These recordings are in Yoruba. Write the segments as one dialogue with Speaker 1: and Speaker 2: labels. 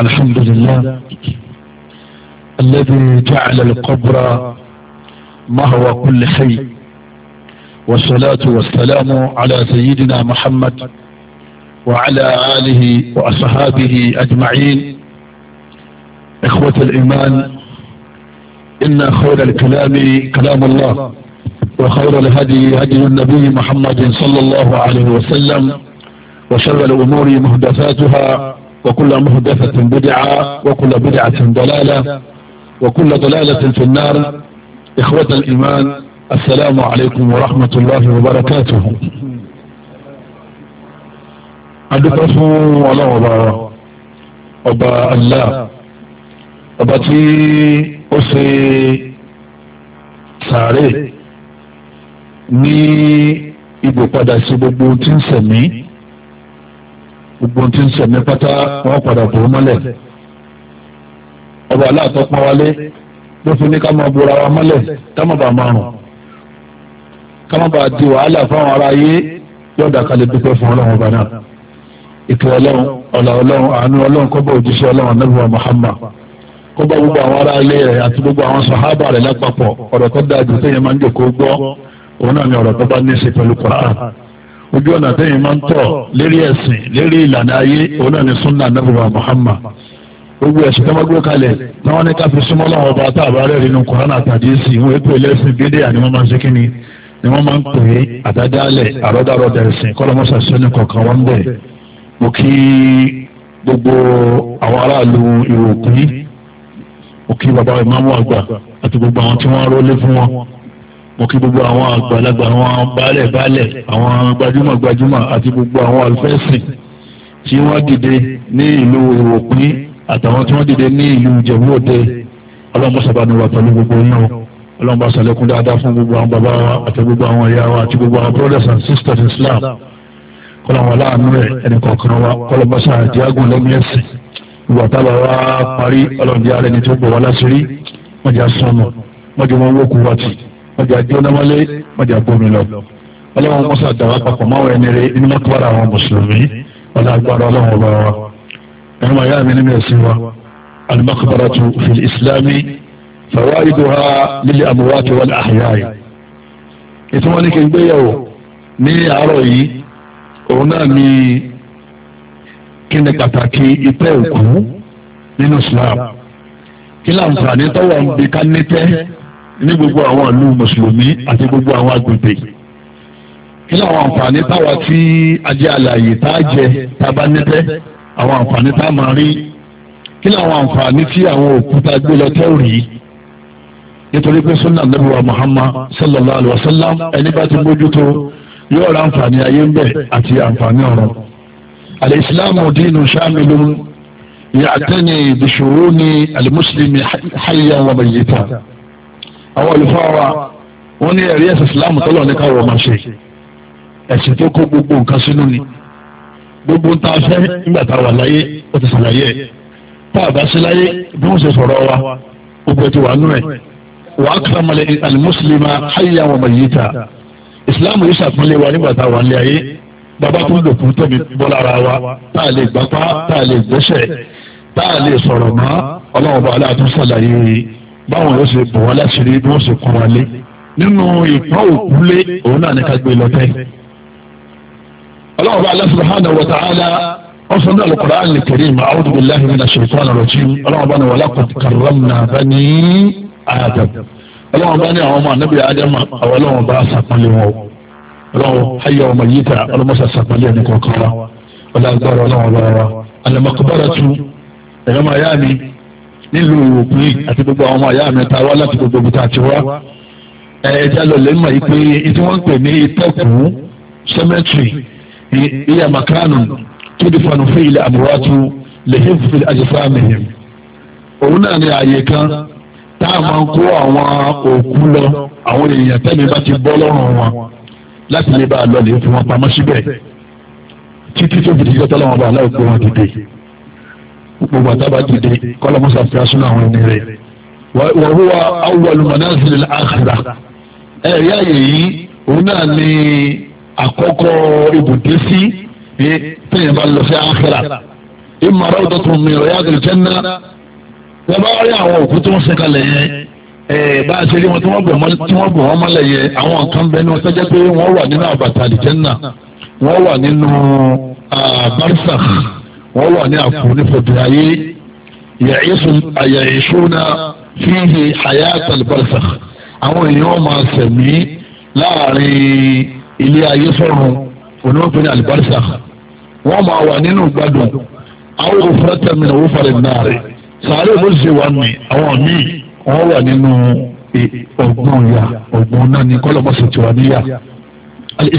Speaker 1: الحمد لله الذي جعل القبر مهوى كل حي والصلاة والسلام على سيدنا محمد وعلى آله وأصحابه أجمعين إخوة الإيمان إن خير الكلام كلام الله وخير الهدي هدي النبي محمد صلى الله عليه وسلم وشر الأمور محدثاتها وكل محدثة بدعة وكل بدعة ضلالة وكل ضلالة في النار إخوة الإيمان السلام عليكم ورحمة الله وبركاته adúpẹ́fún ọlọ́wọ́ba ọba أبا الله tí ó ṣe sàárè ní ibò padà sí gbogbo tí ń sẹ̀mí gbogbo tí ń sẹ̀mí pátá wọn padà bò ó mọ́lẹ̀ ọba aláàtọ̀ pọ́n wálé ló fi ní ká máa bora wa mọ́lẹ̀ ká má bàa márùn ká má bàa di wàhálà fáwọn ará yé yọ̀ọ̀dà kalẹ̀ dúpẹ́ fún ọlọ́run ọba náà ìkẹ́ ọlọ́run ọ̀là ọlọ́run àánú ọlọ́run kọ́bọ̀ òjíṣẹ́ ọlọ́run anábìwá Muhammad kọ́bọ̀ gbogbo àwọn ará ilé rẹ̀ àti gbogbo àwọn sàhábà rẹ̀ lápapọ̀ ọ̀rọ̀ tó dáa jù téèyàn máa ń jòkó gbọ́ òun náà ni ọ̀rọ̀ tó bá ní í ṣe pẹ̀lú Qur'an ojú ọ̀nà tẹ́yìn máa ń tọ̀ lérí ẹ̀sìn lérí ìlànà ayé òun náà ni sunna anabiwa muhammad gbogbo ẹ̀sìn tó máa gbé kalẹ̀ táwọn ní ká fi súnmọ́ láwọn ọba tá àbá rẹ̀ nínú kòránà àtàdísì ìwọ̀n ètò ẹlẹ́sìn bídíà ni wọ́n máa ń ṣe kíni ni wọ́n máa ń pè é àdájálẹ̀ àrọ́dàrọ́dà ẹ̀sìn kọ́lọ́mọ́sà sọ́ni kọ̀ọ̀kan wọ́n ń bẹ̀ mo kí gbogbo àwọn aráàlú ìròkùn mo kí bàbá ìmáàmù àgbà àti gbogbo àwọn tí wọ́n rólé fún wọn mo kí gbogbo àwọn àgbàlagbà àwọn baálẹ̀ baálẹ̀ àwọn gbajúmọ̀ gbajúmọ̀ àti gbogbo àwọn àlùfẹ́sìn tí wọ́n dìde ní ìlú ìwòpín àtàwọn tí wọ́n dìde ní ìlú ìjẹ̀bú òde ọlọ́mọ sábàánú wa pẹ̀lú gbogbo yín o ọlọ́mọ sàlẹ̀kùn dáadáa fún gbogbo àwọn bàbá wa àti gbogbo àwọn ìyá wa àti gbogbo àwọn brothers and sisters Islam kọlọ́mọ aláàánú rẹ̀ ẹnì kọ̀ọ̀kan wa kọlọ́mọ sàdíágùn lẹ́mí ẹ̀sìn ìwà tábà wa parí ọlọ́mọdé arẹni tó gbọ̀ wá láṣìírí wọ́n jẹ́ sọnù wọ́n jẹ́ wọn wọ́kùn wá tì í ọjà jónámọ́lé ọjà bómi lọ ọlọ́run mọ́sá dàwà papọ̀ máwọn ẹni rẹ inú mọ́tò wàrà àwọn mùsùlùmí ọlá agbára ọlọ́run ọba wa ẹ̀rọ màá yá mi ẹ̀sìn wa alimakubaratu fi islami fawaiduha lílẹ̀ àmúwáti wal àhìyáyì ètò wọn ní kí n gbéyàwó ní àárọ̀ yìí òun náà ní kí ni pàtàkì ìtẹ́ òkú nínú islam kí láǹfààní tọ́wọ́ ń bi ká nítẹ́ ní gbogbo àwọn ìlú mùsùlùmí àti gbogbo àwọn agbègbè kí ni àwọn àǹfààní táwa tí ajé àlàyé tá a jẹ tá a bá níbẹ̀ àwọn àǹfààní tá a máa rí kí ni àwọn àǹfààní tí àwọn òkúta gbé lọ tẹ́ rí nítorí pé sunna nabi muhammad sallallahu alaihi wa sallam ẹni bá ti mójútó yóò ra àǹfààní ayé ń bẹ àti àǹfààní ọ̀rọ̀ alaislamu dínú shamilun ya'tani bishuruni almuslimi hayyan wa àwọn olùfọ́ wa wọ́n ní ẹ̀rí ẹ̀sìn islam tọ́lọ̀ ní káwọ́ máa ṣe ẹ̀sìn tó kó gbogbo nǹkan sínú ni gbogbo tá a fẹ́ nígbà tá a wà láyé ó ti ṣàlàyé ẹ̀ tá a bá sí láyé bí wọ́n ṣe sọ̀rọ̀ wa gbogbo ẹ̀ ti wà nú ẹ̀ wàá kàmàlẹ̀ alimusulima ayé àwọn ọmọ yìí ta islam yìí ṣàpínlẹ̀ wa nígbà tá a wà ní ayé bàbá tó ń lò fún tóbi bọ́ báwọn yóò ṣe bò wọ́n láṣìírí bí wọ́n ṣe kún wọn lé nínú ìpọ́n òkúlé òun náà ní ká gbé lọ́tẹ́. ọlọ́run bá subhanahu wa ta'ala ọ̀sán náà al-Qur'an al-Karim a'udhu billahi minash shaitanir rajim ọlọ́run bá ní wa laqad karramna bani Adam ọlọ́run bá ní àwọn ọmọ anábì ádámà àwọn ọlọ́run bá sàpọ́nlé wọn ọlọ́run ayé ọmọ yìí ta ọlọ́mọṣà sàpọ́nlé ẹni kọ̀ọ̀kan wa ọlọ́run bá ọlọ́run bá wa al-maqbaratu ẹ̀rọ nílùú òkú àti gbogbo àwọn ọmọ àyá mi ta wá láti gbogbo ibi tá wá ẹja lọlẹ mọ yìí tí wọ́n ń pè ní ìtẹkùn cemetery ìyá makanu tó di fanu fún ilẹ̀ àmúwátú lẹ́yìn fún àjẹsáàmìhìn òun náà ní ààyè kan tá a máa ń kó àwọn òkú lọ àwọn èèyàn tẹ́mi bá ti bọ́ lọ́rùn wọn láti lè bá a lọ fún wọn pamọ́ síbẹ̀ títí tó fi di ìjọ́tọ́ lọ́wọ́ bá aláìkú wọn dìde gbogbo àtàbà dìde kọ́lọ́mọ́sá fi asúnà àwọn ẹni rẹ̀ wọ́n wúwa awwalu manazil al-akhirah ẹ̀rí àyè yìí òun náà ni àkọ́kọ́ ibùdó sí tẹ̀yìn bá lọ sí àkhírà ìmọ̀ ara ọ̀dọ́ tó mi ọ̀yá àgbẹ̀ jẹ́nà wọ́n bá rí àwọn òkú tó ń sẹ́kalẹ̀ yẹn bá a ṣe rí wọn tí wọ́n bọ̀ wọ́n mọ́lẹ̀ yẹ àwọn kan bẹ́ẹ̀ ni wọ́n sẹ́jẹ́ pé wọ́n wà nínú àbàtà àlìjẹ́nà wọ́n wà nínú ah, barzakh wọ́n wà ní àkùn ní fòdì ayé ya'ishuna fihi hayatal barzakh àwọn èèyàn máa sẹ̀mí láàrin ilé ayé sọ̀run onímọ̀pẹ́ ní al-barzakh wọ́n máa wà nínú gbádùn àwọn òfurata mi ò fara náà rẹ̀ sàárè ló ṣe wà mí àwọn míì wọ́n wà nínú ọgbọ́n ya ọgbọ́n náà ní kọ́lọ́mọ́sọ̀ tiwa níyà al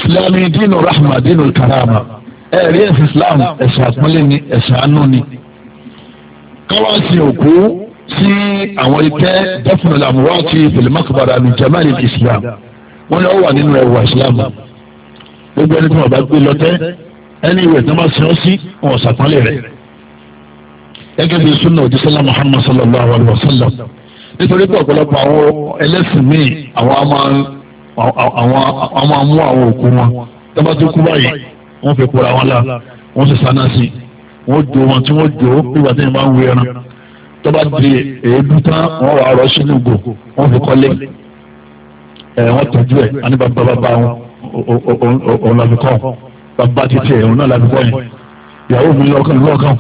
Speaker 1: dínú rahma dínú karama ẹ̀rí ẹ̀sìn Islam ẹ̀sìn àpọ́nlé ni ẹ̀sìn àánú ni káwá sí òkú sí àwọn itẹ́ dẹ́fúnilá muwaati filimakubara ní jamani Islam wọ́n ní wọ́n wà nínú ẹ̀wà Islam gbogbo ẹni tí wọ́n bá gbé lọ́tẹ́ ẹni ìwé tí wọ́n sin ọ́ sí wọn ṣàpọ́nlé rẹ̀ gẹ́gẹ́ bí sunna òjísọ́lá Muhammad sallallahu alayhi wa sallam nítorí pé ọ̀pọ̀lọpọ̀ àwọn ẹlẹ́sìn míì àwọn máa àwọn òkú wọn tó bá tó kú báyìí wọ́n fi kóra wọn la wọ́n sì sáná sí wọ́n jó wọn tí wọ́n jó nígbà tí wọ́n bá ń wé ẹran tó bá di èédú tán wọ́n wà rọ sínú ìgò wọ́n fi kọ́lé ẹ̀ wọ́n tọ́jú ẹ̀ àní bàbá bàbá wọn òun làbí kọ́ bàbá títí ẹ̀ òun náà làbí kọ́ yẹn ìyàwó mi lọ́kàn lọ́kàn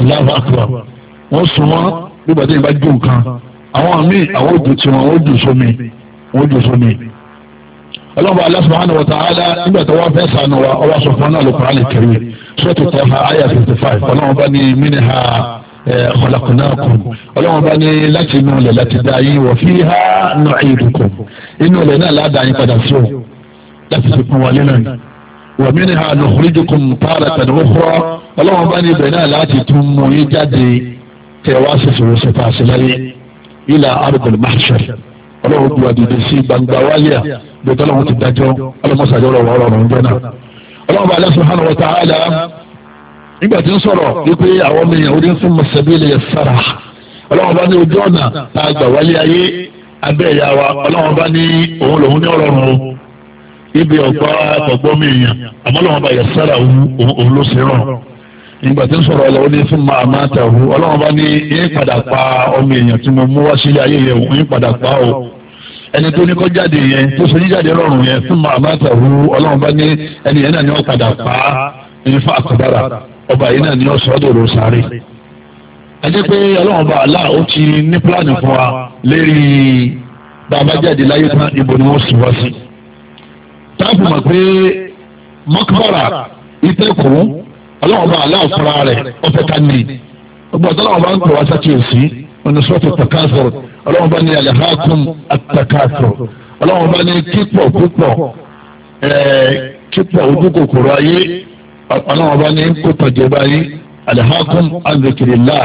Speaker 1: Allahu akbar wọ́n sùn wọ́n nígbà tí wọ́n bá jó nǹkan àwọn míì àwọn ò dùn tiwọn wọ́n dùn sómi wọ́n dùn sómi ọlọ́run Allah subhanahu wa ta'ala nígbà tó wọ́n fẹ́ sànù wa ọwọ́ sọ fún náà Al-Qur'an Al-Karim sọ́ọ̀tù Taha àyà fifty five ọlọ́run bá ní minha eh, khalaqnakum ọlọ́run bá ní láti inú ilẹ̀ láti dá yín wa fiha nu'idukum inú ilẹ̀ náà ládàá yín padà sí o láti fi pọn wọlé náà wa minha nukhrijukum taratan ukhra ọlọ́run bá ní ibẹ̀ náà láti bí ọtọ́ lọ́wọ́ ti dájọ́ ọlọ́mọṣàjọ́ rọ̀ wọ́ọ́rọ̀ ọ̀rọ̀ ńjọ́ náà ọlọ́mọba Allah subhanahu wa ta'ala nígbà tí ń sọ̀rọ̀ wípé àwọn ọmọ èèyàn orí ń fún mọ̀sẹ̀bílì sára ọlọ́mọba ní ojú ọ̀nà tá a gbà wálé ayé abẹ́ ìyá wa ọlọ́mọba ní òun lòun ní ọ̀rọ̀ ọ̀run ibi ọ̀gbá ọ̀gbọ́ mi èèyàn àmọ́ ọlọ́mọba yẹ sára òun ló ṣe rán nígbà tí ń sọ̀rọ̀ ọlọ́wọ́ ní fún máa máa tàwù ọlọ́mọba ní yín pa ọmọ èèyàn tí mo mú wá sílé ayé yẹ̀ wọ́n yín pa ọ́ ẹni tó ní kọ́ jáde yẹn tó ṣe ní jáde rọrùn yẹn fún màmá tàwù ọlọ́run bá ní ẹni yẹn náà ni wọ́n padà pa á ní fún àkàdára ọba yìí náà ni wọ́n sọ dòrò sáré. ẹ jẹ́ pé ọlọ́run bá àlá ó ti ní pílánì fún wa lérí bàbá jáde láyé tán ibo ni wọ́n sì wá sí. táàpù mọ̀ pé mọ́kàrà ìtẹ́kùn ọlọ́run bá àlá òfurá rẹ̀ ọ̀fẹ́ ká ní. ọgbà tó ọlọ́run bá ní alahakum atakaso ọlọ́run bá ní kípọ̀ púpọ̀ kípọ̀ ojú kòkòrò ayé ọlọ́run bá ní kó tọ̀jẹ̀ báyìí alahakum azikirila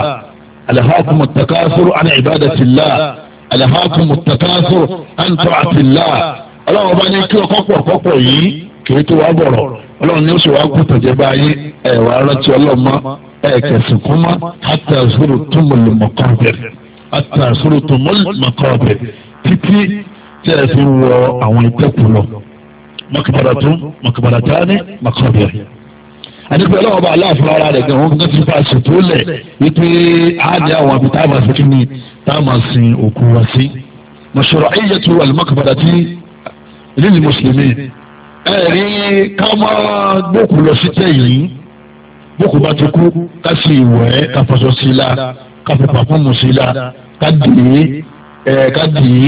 Speaker 1: alahakum atakaso ana ibadatila alahakum atakaso antaatila ọlọ́run bá ní kí ọkọ̀ pọ̀ kọ́pọ̀ yìí kì í bọ̀rọ̀ ọlọ́run ní oṣù wa kú tọ̀jẹ̀ ẹ̀ wà á rántí ọlọ́run mọ́ ẹ̀ kẹsìnkún mọ́ hàtà túmọ̀ lè mọ̀ kọ́ńtẹ̀rẹ̀ àtàsóró tó mọ́lùmọ́kọ́ọ̀bẹ̀ títí tẹ́ ẹ fi wọ àwọn ìtẹ́kùn lọ mọ́kàbàdà tó mọ́kàbàdà tání mọ́kọ́ọ̀bẹ̀ àdìpẹ́ ọlọ́wọ́ bá aláàfin ara rẹ̀ gan wọn gan ti fa ṣètò lẹ̀ wípé àádé àwọn àbí táwọn àfikún ni táwọn sin òkú wa sí. mọ̀ṣọ̀rọ̀ ayé tó wà lọ́mọkàbàdà tí lílì mùsùlùmí ẹ̀ rí ká máa gbókù lọ sí tẹ̀yìn bókù bá ti kú ká sì wẹ̀ ká fọṣọ sí i la káfíńpà fún mùsílà kádìí kádìí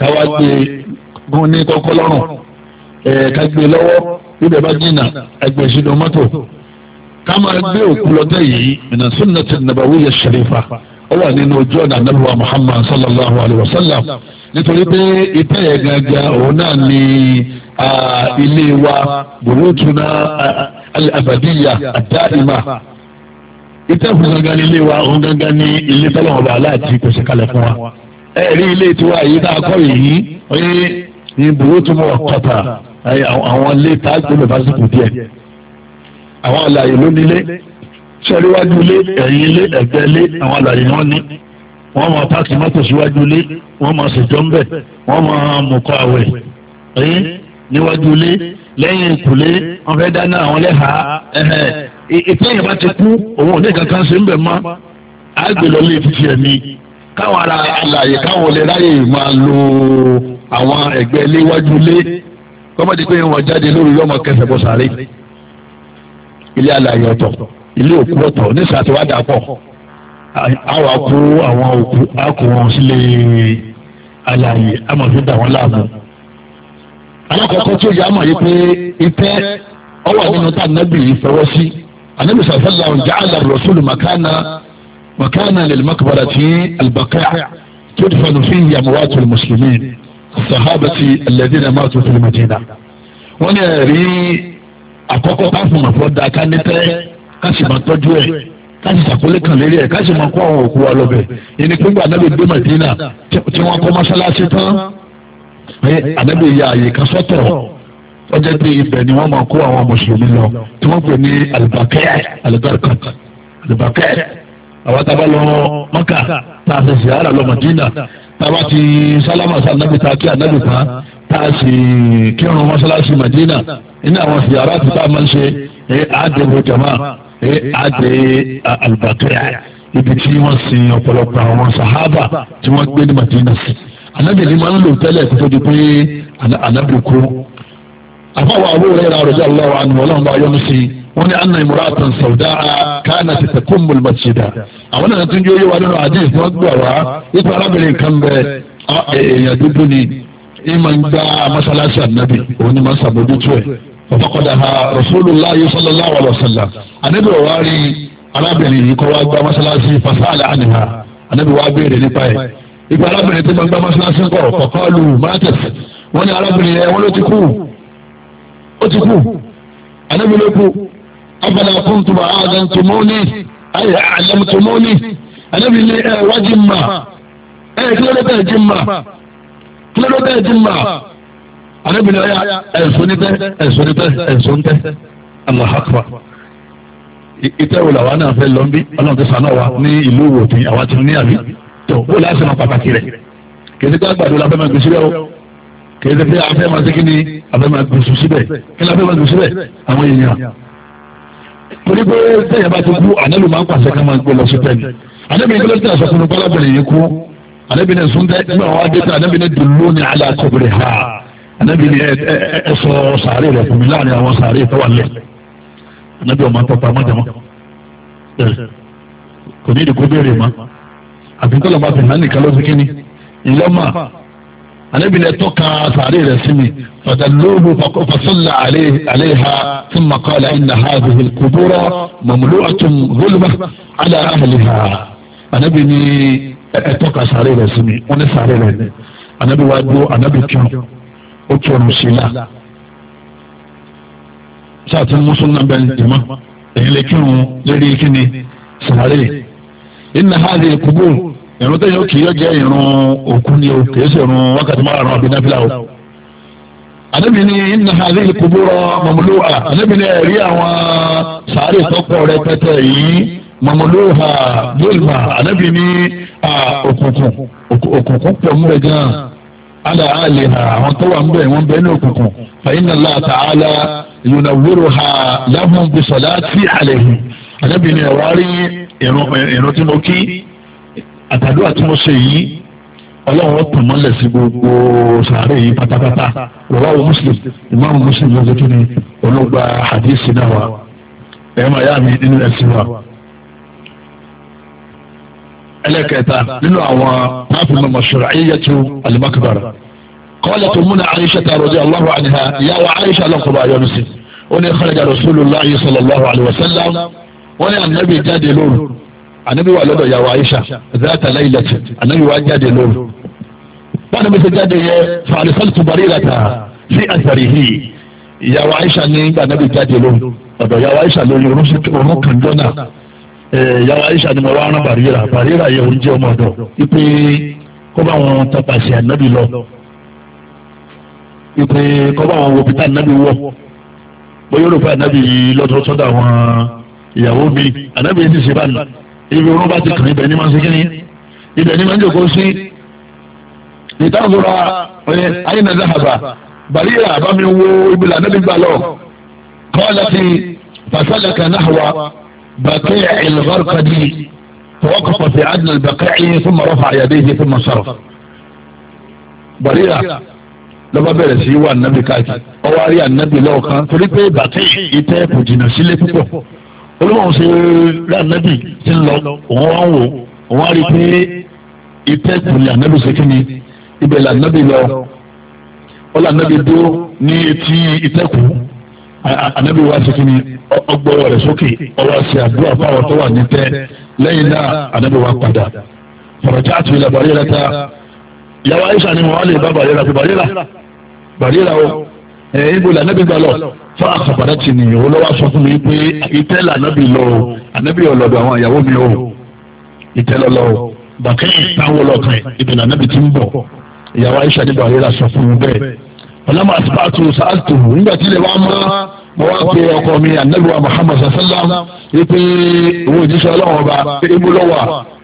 Speaker 1: káwá gbé gún ní kọ́kọ́ lọ́rùn kágbé lọ́wọ́ bíbẹ̀ bá jìnnà ẹgbẹ́ ìṣinú e mọ́tò ká máa gbé òkú lọ́tẹ̀ yìí min sunnati nabawiyya sharifa ó wà nínú ojú ọ̀nà anábìwá muhammad sallallahu alayhi wa sallam nítorí pé ìtẹ́ ẹ̀ gàgà òun náà ni ilé wa bùrùtùnà al-abadiyya ad ìtẹ́kùn gangan ní ilé wa òun gangan ní ilé tọ́lọ́wọ́n bá aláàtì kò sí kalẹ̀ fún wa ẹ̀rí ilé tiwa yìí tá a kọ́ yìí oye ìbúrò tó mọ̀ kọ́ta àwọn ilé tá a gbọ́dọ̀ fásitì díẹ̀
Speaker 2: àwọn àlàyé ló nílé sọ́ríwájú ilé ẹ̀yìn ilé ẹ̀gbẹ́
Speaker 1: ilé àwọn àlàyé wọn ní wọ́n máa pààkì mọ́tò síwájú ilé wọ́n máa ṣèjọ́ ńbẹ̀ wọ́n máa mọ̀kọ́ àwẹ̀ ẹ̀yìn níwájú ilé lẹ́yìn ìkùlé wọ́n fẹ́ dáná àwọn lẹ́hàá ẹ̀hẹ̀ ìtẹ́yìn bá ti kú òun ò ní kankan ṣe ń bẹ̀ mọ́ àgbélọ́lé títí ẹ̀mí káwọn ará àlàyé káwọn lè ráyè máa lo àwọn ẹ̀gbẹ́ ilé iwájú ilé kọ́mọ́dé pé wọ́n jáde lórí yọmọ kẹfẹ́ bọ́ sáré ilé àlàyé ọ̀tọ̀ ilé òkú ọ̀tọ̀ nísà tí wàá dà pọ̀ àwọn akó àwọn òkú akó wọn sílé àlàyé amọ̀fin dà wọ́n láàmú. alákọ̀ọ́kọ́ tí ó yà á mọ̀ yìí pé ìtẹ́ ọwọ́ àdínú tá a nábì anabi sàfàlà ja'ala rasulu makana makana lil maqbarati albaqi' tudfanu fihi amwatul muslimin sahabati alladhina matu fil madina wọ́n ní ẹ̀rí àkọ́kọ́ káfùn àfọ́dá kánítẹ́ káṣí máa tọ́jú ẹ̀ káṣí sàkólé kan lérí ẹ̀ káṣí máa kó àwọn òkú wa lọ́bẹ̀ ẹni pé gbà anábì gbé Madina tí wọ́n kọ́ mọ́ṣáláṣí tán anábì ya àyè kan sọ́tọ̀ ọjọ́ pé ibẹ̀ ni wọ́n máa kó àwọn mùsùlùmí lọ tí wọ́n pè ní alibakẹ́ alibarika alibakẹ́ àwọn tá a bá lọ maka tá a fẹsẹ̀ ara lọ madina tá a bá ti sálámà sí anabi ta kí anabi ta tá a sì kírun mọ́sálásí madina iná àwọn fìyàrá ti tá a máa ń ṣe ẹ àdè wo jama ẹ àdè alibakẹ́ ibi tí wọ́n sin ọ̀pọ̀lọpọ̀ àwọn sahaba tí wọ́n gbé ní madina sí anabi ni máa lò tẹ́lẹ̀ kó tó di pé anabi kú àfọwọ́ àbúrò rẹ̀ rà rọ̀jà lọ́wọ́ àná ọlọ́run bá yọ́nu sí i wọ́n ní anna imuratan sauda kana ti takun mulmasida àwọn náà tún yóò yé wa nínú hadith wọ́n gbà wá ipò arábìnrin kan bẹ èèyàn dúdú ni ìmọ̀ ń gba masalasi anabi òun ni masa bójútó ẹ̀ ọ̀fọ̀kọ̀dà ha rasulillah sallallahu alayhi wa sallam anabi wa rí arábìnrin yìí kọ́ wa gba masalasi fasala aniha anabi wa béèrè nípa ẹ̀ ìgbà arábìnrin tí wọ́n gba masalasi kọ̀ kọ̀kọ́ lu mátẹ̀sì wọ́n ní arábìnrin yẹn wọ́n ló ti kú ó ti kú anabi ló kú abala kúntùmọ̀ àdàntùmọ́ni ayé àdàntùmọ́ni anabi ní ẹ wájú mà ẹ kílódé ẹ jí mà
Speaker 3: kílódé ẹ jí mà
Speaker 1: anabi ní ọyà ẹ̀sùn níbẹ̀ ẹ̀sùn níbẹ̀ ẹ̀sùn níbẹ̀ allah akbar ìtẹ́ wo làwọn náà fẹ́ lọ ń bí ọlọ́run ti sànà wa ní ìlú òwò tí ti ní àbí tó wọ́n láti sọ̀rọ̀ pàtàkì rẹ̀ kì í fẹ́ máa o kì í ṣe pé afẹ́ máa ṣe kí ni afẹ́ máa gbèsù síbẹ̀ kí ni afẹ́ máa gbèsù síbẹ̀ àwọn èèyàn. torí pé sẹ́yìn bá ti kú ànálù máa ń pàṣẹ ká máa gbé lọ sí pẹ́ẹ́lí. àdébí ní kílódé àṣọ fún mi pálábẹ̀rẹ̀ yìí kú àdébí ní sún tẹ́ nígbà wọn adé tán àdébí ní dùnú ní alákọ̀bẹ̀rẹ̀ ha àdébí ní ẹ̀sọ́ sàárè rẹ̀ fún mi láàrin àwọn sàárè tó wà lẹ̀ àdébí ọmọ tó anabi lẹ tọ́ka sàárè rẹ̀ sí mi fàdàlóhu fasọ́là àléha fún makọ́lá iná ha bìbí kúbúrọ́ mọ̀mọ́lú àtún gbólúmọ́ àlà àhàlìhà anabi ní ẹ tọ́ka sàárè rẹ̀ sí mi wọ́n ní sàárè anabi wá dúró anabi kí wọn ó kí wọn sí la sáà tí mùsùlùmí bẹ́ẹ̀ ní jẹ́mọ́ èyí lè ha bìbí kúbúrọ́ ìrún tẹ̀yìn òkè yọ jẹ́ ìrún òkú ni o kìí ṣe ìrún wákàtí márùn-ún àbí náfìlà o. àdébí ni iná àlẹ́ ìkúbúrọ̀ mọ̀mọ́lúwà àdébí ni ẹ̀rí àwọn sàárè tọ́pọ̀ rẹ pẹ́tẹ́ yìí mọ̀mọ́lúwà bílmà àdébí ni òkùnkùn òkùnkùn pọ̀ ń bẹ̀ gan-an ala ali ha àwọn tó wà ń bẹ̀ wọ́n bẹ̀ ní òkùnkùn fàyínà láta ala yunawuru ha lahun bisalati alayhi àdébí ni ẹ̀wárí ìrún tí mo kí àtàdúrà tí wọ́n ṣe yìí ọlọ́run ọ̀tàn mọ́lẹ̀ sí gbogbo sàárè yìí pátápátá rọ̀wáwò muslim ìmáàmù muslim ló dékè ní olóògbà hadisi náà wa ẹ̀yọ́ màá yá mi nínú ẹ̀sìn wa. ẹlẹ́kẹ̀ẹ́ta nínú àwọn náàfin mọ̀ṣọ́rọ̀ ayé yẹtu alimakabara قالت أمنا عائشة رضي الله عنها يا وعائشة لقب يونس وني خرج رسول الله صلى الله عليه وسلم وني النبي ànábì wà lọ́dọ̀ yàwó Aisha zata lailati ànábì wà jáde lóru báwo ni mo ṣe jáde yẹ fàlùfàlù tó bari rà ta sí àṣàrí yìí ìyàwó Aisha ní gbà ànábì jáde lóru ọ̀dọ̀ yàwó Aisha lórí orun kànjọ́ náà ìyàwó Aisha ni mo wá rán barira barira yẹ oúnjẹ ọmọ ọ̀dọ̀ ipe kó bá wọn tapàṣẹ ànábì lọ ipe kó wọn wo pété ànábì wọ bóyá olùkọ́ ànábì yìí lọ́dọ̀ sọ́dọ̀ àwọn ìyàwó mi ànábì yìí ti ṣe báyìí ibi wọn bá ti kàn ibẹ̀ ni máa ń ṣe kíni ibẹ̀ ni máa ń jòkó sí ìtàkùrọ̀ ayé nàdá àbá bàríyà àbámi wo ibi lànàbí gbà lọ kọ́lá ti fasalaka nahwa bàkẹ́ ìlúgbàrúkadì tọwọ́kọ̀kọ̀ sí adìyẹ bàkẹ́ ìyẹn fún mọ̀rọ̀ fàyàdé ìyẹn fún mọ̀sọ̀rọ̀ bàríyà lọ́ba bẹ̀rẹ̀ sí wà nàbí káàkiri ọwọ́ àrí ànàbí lọ́ọ̀kan torí pé bàkẹ́ ìtẹ́ olùmọ̀ọ́ ṣe lànàbì ti lọ òun wá ń wò òun á rí i pé ìtẹ́ ti lànàbì ṣe kí ni ibẹ̀ lànàbì lọ ó lànàbì dúró ní etí ìtẹ́kù ànàbì wa ṣe kí ni ọgbọ́rọ̀ rẹ̀ sókè ọwọ́ ṣe àdúrà fáwọn tó wà ní tẹ́ lẹ́yìn náà ànàbì wa padà fọ̀rọ̀jà àti ìlà bàrẹ́rẹ́ ta yàrá ìṣàníwọ̀n wà lè bá bàrẹ́rẹ́ àti bàrẹ́rẹ́ bàrẹ́rẹ́ o ibo la anabi gba lọ fọ akabada ti ni o lọ wa sọ fún mi pé itẹ la anabi lọ o anabi ọlọdọ àwọn ìyàwó mi o itẹ lọ lọ o bàkẹ́yìn táwọn ọlọ́kan ibi la anabi ti ń bọ̀ ìyàwó Aisha nígbà yẹn la sọ fún mi bẹ́ẹ̀ ọlọ́mọ asipaatu sàátù nígbà tí ilẹ̀ wa mọ́ mo wá pé ọkọ mi anabi wa Muhammad sallam ipe owó ìjísọ ọlọ́wọ́ ba ibo lọ wa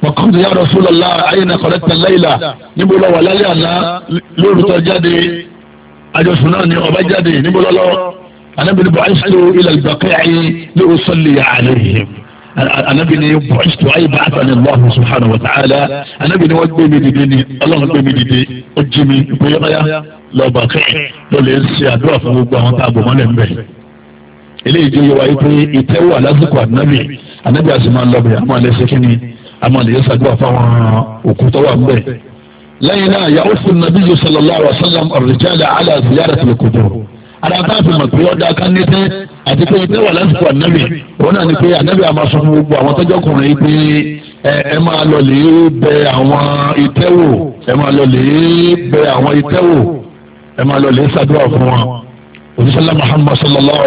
Speaker 1: ọkùnrin ya Rasulullah ayé na kọ̀lẹ́tà láyìlá níbo lọ wa lálẹ́ àná lórí tó jáde àjọsùn náà ni ọba jáde níbo lọ́lọ́ anabi ni bọ́ọ̀sù ilẹ̀ ìgbàkẹ́yàyé ní o sọ́lé àlehìm anabi ni bọ́ọ̀sù ayé bá àtàn ní lọ́hùn subhanahu wa ta'ala anabi ni wọ́n gbé mi dìde ni ọlọ́run gbé mi dìde ó jí mi ìpéyọ́yá lọ́ba kẹ́ẹ̀ lọ́lẹ̀ ń ṣe àdúrà fún gbogbo àwọn táàbù mọ́lẹ̀ ńbẹ̀ eléyìí jẹ́ yẹ wáyé pé ìtẹ́wọ́ alásìkò anabi anabi àti máa lọ bẹ̀ àmọ́ àlẹ́ lẹ́yìn náà ya'ufu an-nabiyyu sallallahu alaihi wa sallam ar-rijala ala ziyarati al-qubur ara bá fi mọ̀ pé ọ̀dà kánítẹ́ àti pé ìtẹ́wà lásìkò ànábì òun náà ni pé ànábì a máa sọ fún gbogbo àwọn tọ́jọ́kùnrin pé ẹ máa lọ lè bẹ àwọn ìtẹ́wò ẹ máa lọ lè bẹ àwọn ìtẹ́wò ẹ máa lọ lè ṣàdúrà fún wọn. òṣìṣẹ́lá muhammad sallallahu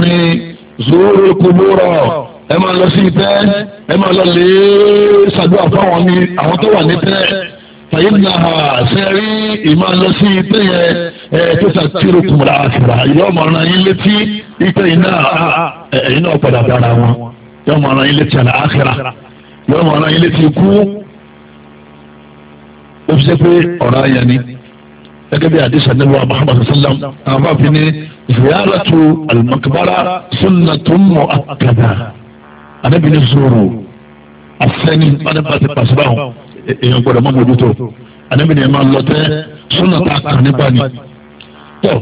Speaker 1: alayhi wa zoro kubura ẹ máa lọ sí itẹ́ ẹ máa lọ lè ṣàdúrà fáwọn ní àwọn tó wà ní tẹ́ fàyínà ṣe rí ìmáa lọ sí itẹ́ yẹn ẹ tó ṣàtúrò kùmùrà àṣùrà yóò máa ran yín létí itẹ́ iná ẹ̀yin náà padà dára wọn yóò máa ran yín létí àlà àṣìrà yóò máa ran yín létí ikú ó fi ṣe pé ọ̀rọ̀ ayẹni gẹ́gẹ́ bí hadith anabi wa muhammad sallam àwọn àfi ní ziyaratu al-maqbara sunnatun mu'akkada anabi ní zoro asẹ́ni anabati pasibahu èèyàn gbọ́dọ̀ mọ́ mójútó anabi ní ma lọ tẹ́
Speaker 2: sunnata kan nípa ni
Speaker 1: tọ́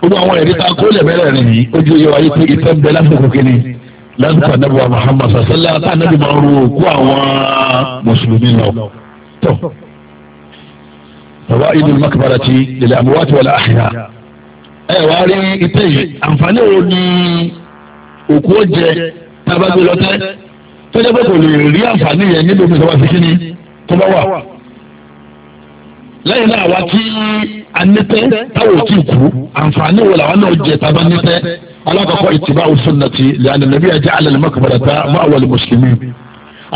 Speaker 1: gbogbo àwọn ẹ̀rí ta kó lẹ́mẹ̀rẹ̀ rẹ̀ yìí ojú yẹ wáyé pé ìfẹ́ ń bẹ lásìkò kínní lásìkò anabi wa muhammad sallam àti anabi máa ń ro òkú àwọn mùsùlùmí lọ tọ́ sọ̀rọ̀ ìlú makabara ti lèlè àmúwá ti wọlé àhìyá ẹ wàá rí ìtẹ́ yìí àǹfààní wo ni òkú ọ̀jẹ̀ tábàgbé lọ́tẹ́ tọ́jà pé kò lè rí àǹfààní yẹn níbi omi ìjọba fìkínní tó bá wà lẹ́yìn náà wá kí
Speaker 2: anítẹ́ táwọn òtí
Speaker 1: kú àǹfààní wo làwọn náà jẹ tábà nítẹ́ alákọ̀ọ́kọ́ ìtìbá òfin nàti lẹ́yìn nàbí ẹ̀jẹ̀ alẹ́ lè makabara ta máa wọlé mùsùlùmí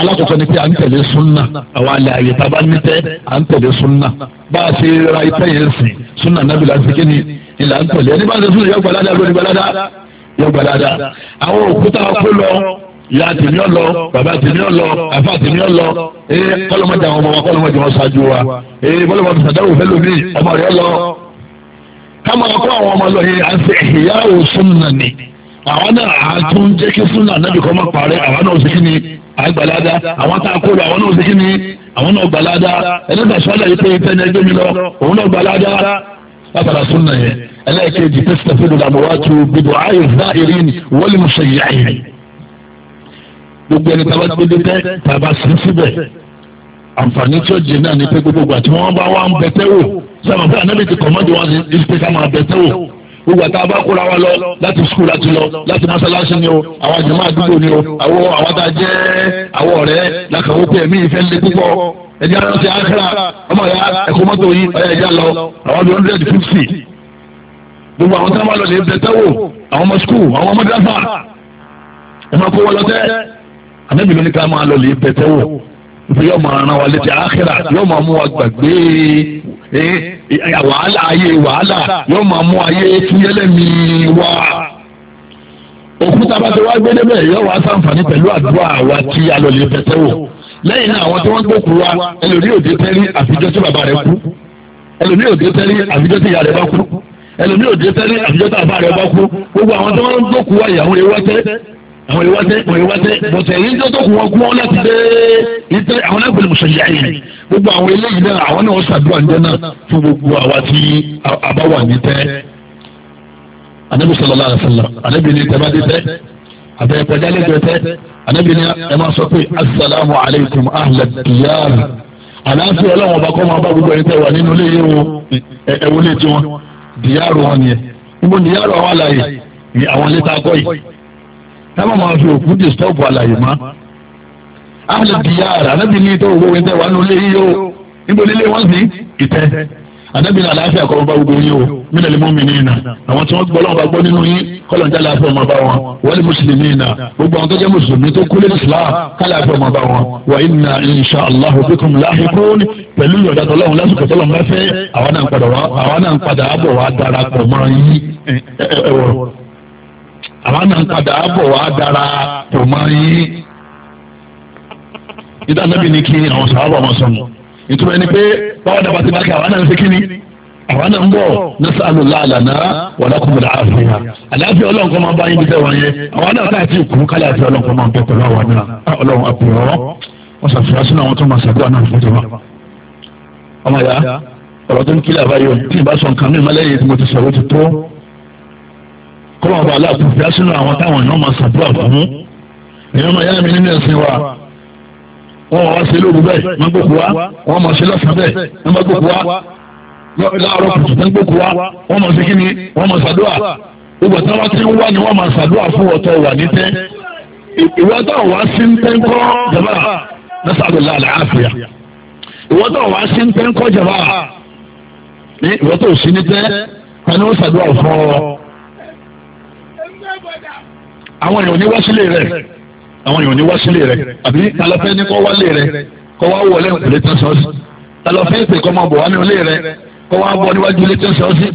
Speaker 1: alákọ̀ọ́kọ́ ni pé à ń tẹ̀lé súnà àwọn alẹ́ àyè tá a bá nítẹ́ à ń tẹ̀lé súnà bá a ṣe ra itẹ́ yẹn sìn súnà nábì la ṣe kíni ìlà ń tẹ̀lé ẹni bá ń ṣe súnà yọ gbalada lórí gbalada yọ gbalada àwọn òkúta kó lọ ìyá tèmi ọlọ bàbá tèmi ọlọ àfa tèmi ọlọ ee kọlọmọdé àwọn ọmọ wa kọlọmọdé wọn ṣáájú wa ee kọlọmọdé sàdáwò fẹlẹ mi ọmọ rẹ lọ káma kó àwọn ọmọ lọ yìí àti ìyá òsùn nàní àwọn náà àtúnjẹ kí fúnà nábì kọ́ máa parẹ́ àwọn náà ó sì kí ni àgbàládá àwọn tá a kó lọ àwọn náà ṣèkí ni àwọn náà gbàládá ẹlẹ́gbẹ̀ sọ́lẹ̀ yìí pé ìfẹ́ni ẹgbẹ́ mi lọ òun náà gbàládá
Speaker 3: látara súnà yẹn
Speaker 1: ẹlẹ́ẹ̀kejì pẹ́sìtẹ̀ fún ìdòdò àmọ́wá tó gbogbo ayé záìrín wọ́lé musa yìí gbogbo ẹni tàbá gbé dé tẹ́ tàbá sí síbẹ̀ àǹfààní tí ó jẹ náà ni pé gbogbo àti wọn bá wà ń bẹ̀tẹ́ wò sábà fún anábìtì kọ̀mọ́dé gbogbo àtàwọn abákòrò àwa lọ láti sukù láti lọ láti mọ́sálásí ni o àwọn jàmá àdúgbò ni o àwọn àwọn tá a jẹ́ àwọn ọ̀rẹ́ làkàwọ́ pé ẹ̀mí ìfẹ́ lé púpọ̀ ẹ̀dí ara ti àkàrà ọmọ ya ẹ̀kọ́ mọ́tò yìí ọ̀yà ẹ̀dí àlọ́ àwọn bí hundred fifty gbogbo àwọn tá a máa lọ lè bẹ̀tẹ̀ wò àwọn ọmọ sukù àwọn ọmọ dáfà ẹ̀ máa kó wọ lọ́tẹ́ àmẹ́bí ló ní ká máa lọ lè bẹ̀tẹ̀ wò ìfẹ́ yóò máa ràn wá létí Eh, eh, eh, wàhálà ayé wàhálà yóò máa mú ayé túyẹ́lẹ́mí wá òkúta bá ti wá gbé débẹ̀ yóò wá ṣàǹfààní pẹ̀lú àdúrà wa tí a lọ lè fẹsẹ̀ wò lẹ́yìn náà àwọn tí wọ́n gbókù wa ẹlòmíì òde tẹ́rí àfijọ́ tí bàbá rẹ̀ kú ẹlòmíì òde tẹ́rí àfijọ́ tí ìyá rẹ̀ bá kú ẹlòmíì òde tẹ́rí àfijọ́ tí bàbá rẹ̀ bá kú gbogbo àwọn tí wọ́n gbókù wa ìyàwó rẹ̀ wá tẹ́ wọ́n yìí wáṣẹ́ wọ́n yìí wáṣẹ́ bọ̀tẹ̀ yìí tó tó kù wọ́n kú wọn láti dé yìí tẹ́ àwọn náà gbẹ̀lẹ̀ mùsùlùmí ayé gbogbo àwọn eléyìí náà àwọn náà ṣàdúrà níjẹ́ náà fún gbogbo àwa tí a bá wà ní tẹ́ anabi sallallahu alaihi wasallam anabi ní tẹ́lá dé tẹ́ abẹ́ kọjá lẹ́gbẹ̀ẹ́ tẹ́ anabi ní ẹ máa sọ pé asalaamu alaykum ahlad diyar aláàfin ọlọ́run ọba kọ́ máa bá gbogbo ẹni tẹ́ wà nínú ilé yẹn wọn ẹ̀wọlé tiwọn diyaru wọn ni ẹ níbo diyaru àwọn àlàyé ni àwọn ilé kọ́ yìí ẹ má máa fi òkú disturb àlàyé má àlè dìyàrá anábì ní ìtọ́ òwò ìtẹ́ wà nù lé yìí o níbo nílé wọn sí ìtẹ́ anábì ní àlàáfíà kọ́ ọba gbogbo yín o mílẹ̀ lè mú mi nìyí náà àwọn tí wọ́n gbọ́ lọ́wọ́ bá gbọ́ nínú yín kọ́lọ̀ ń jálá fún ọmọ bá wọn wọ́n lè mùsùlùmí náà gbogbo àwọn tó jẹ́ mùsùlùmí tó kúlé islam kálá ọmọ bá wọn wà inna insha allah bikum lahiqun pẹ̀lú ìyọ̀dá àwa náà ń padà bọ̀ wá dára kò mọ yín ìdá anábì ní kí àwọn sàábà wọn sọnù ìtura ẹni pé báwa dàbà ti bàkẹ́ àwa náà ń ṣe kíni àwa náà ń bọ̀ nasa alùlá àlànà wàlákùnrin àfihàn àlàáfíà ọlọ́run kọ́ máa bá yín bí sẹ́wọ̀n yẹn àwa náà káàtì kú kálẹ̀ àti ọlọ́run kọ́ máa bẹ pẹ̀lú àwa náà ah, ọlọ́run àpòrọ̀ wọn ṣàfihàn sínú àwọn tó máa ṣàdúrà náà fún jọba ọmọ ya ọ̀rọ̀ tó ń kílẹ̀ àbáyọ tí ì kọ́lọ́n ọba aláàbò fi aṣínú àwọn táwọn èèyàn máa ṣàdúrà fún èèyàn máa yára mi nínú ẹ̀sìn wa wọ́n wá sí lóru bẹ́ẹ̀ máa gbókù wá wọ́n máa ṣe lọ́sàn-án bẹ́ẹ̀ máa gbókù wá láàárọ̀ kùtù máa gbókù wá wọ́n máa ṣe kí ni wọ́n máa ṣàdúrà ìgbà tí wọ́n ti ń wá ni wọ́n máa ṣàdúrà fún ọ̀tọ̀ wà ní tẹ́ ìwọ́tọ̀ wá sí ń tẹ́ àwọn èèyàn ò ní wá sílé rẹ̀ àwọn èèyàn ò ní wá sílé rẹ̀ àbí alọ́fẹ́ ní kọ́ wá lé rẹ̀ kọ́ wá wọlé òkèlè tán sọ́ọ́sì alọ́fẹ́ ìpè kọ́ máa bọ̀ wá ní ilé rẹ̀ kọ́ wá bọ̀ níwájú ilé tán sọ́ọ́sì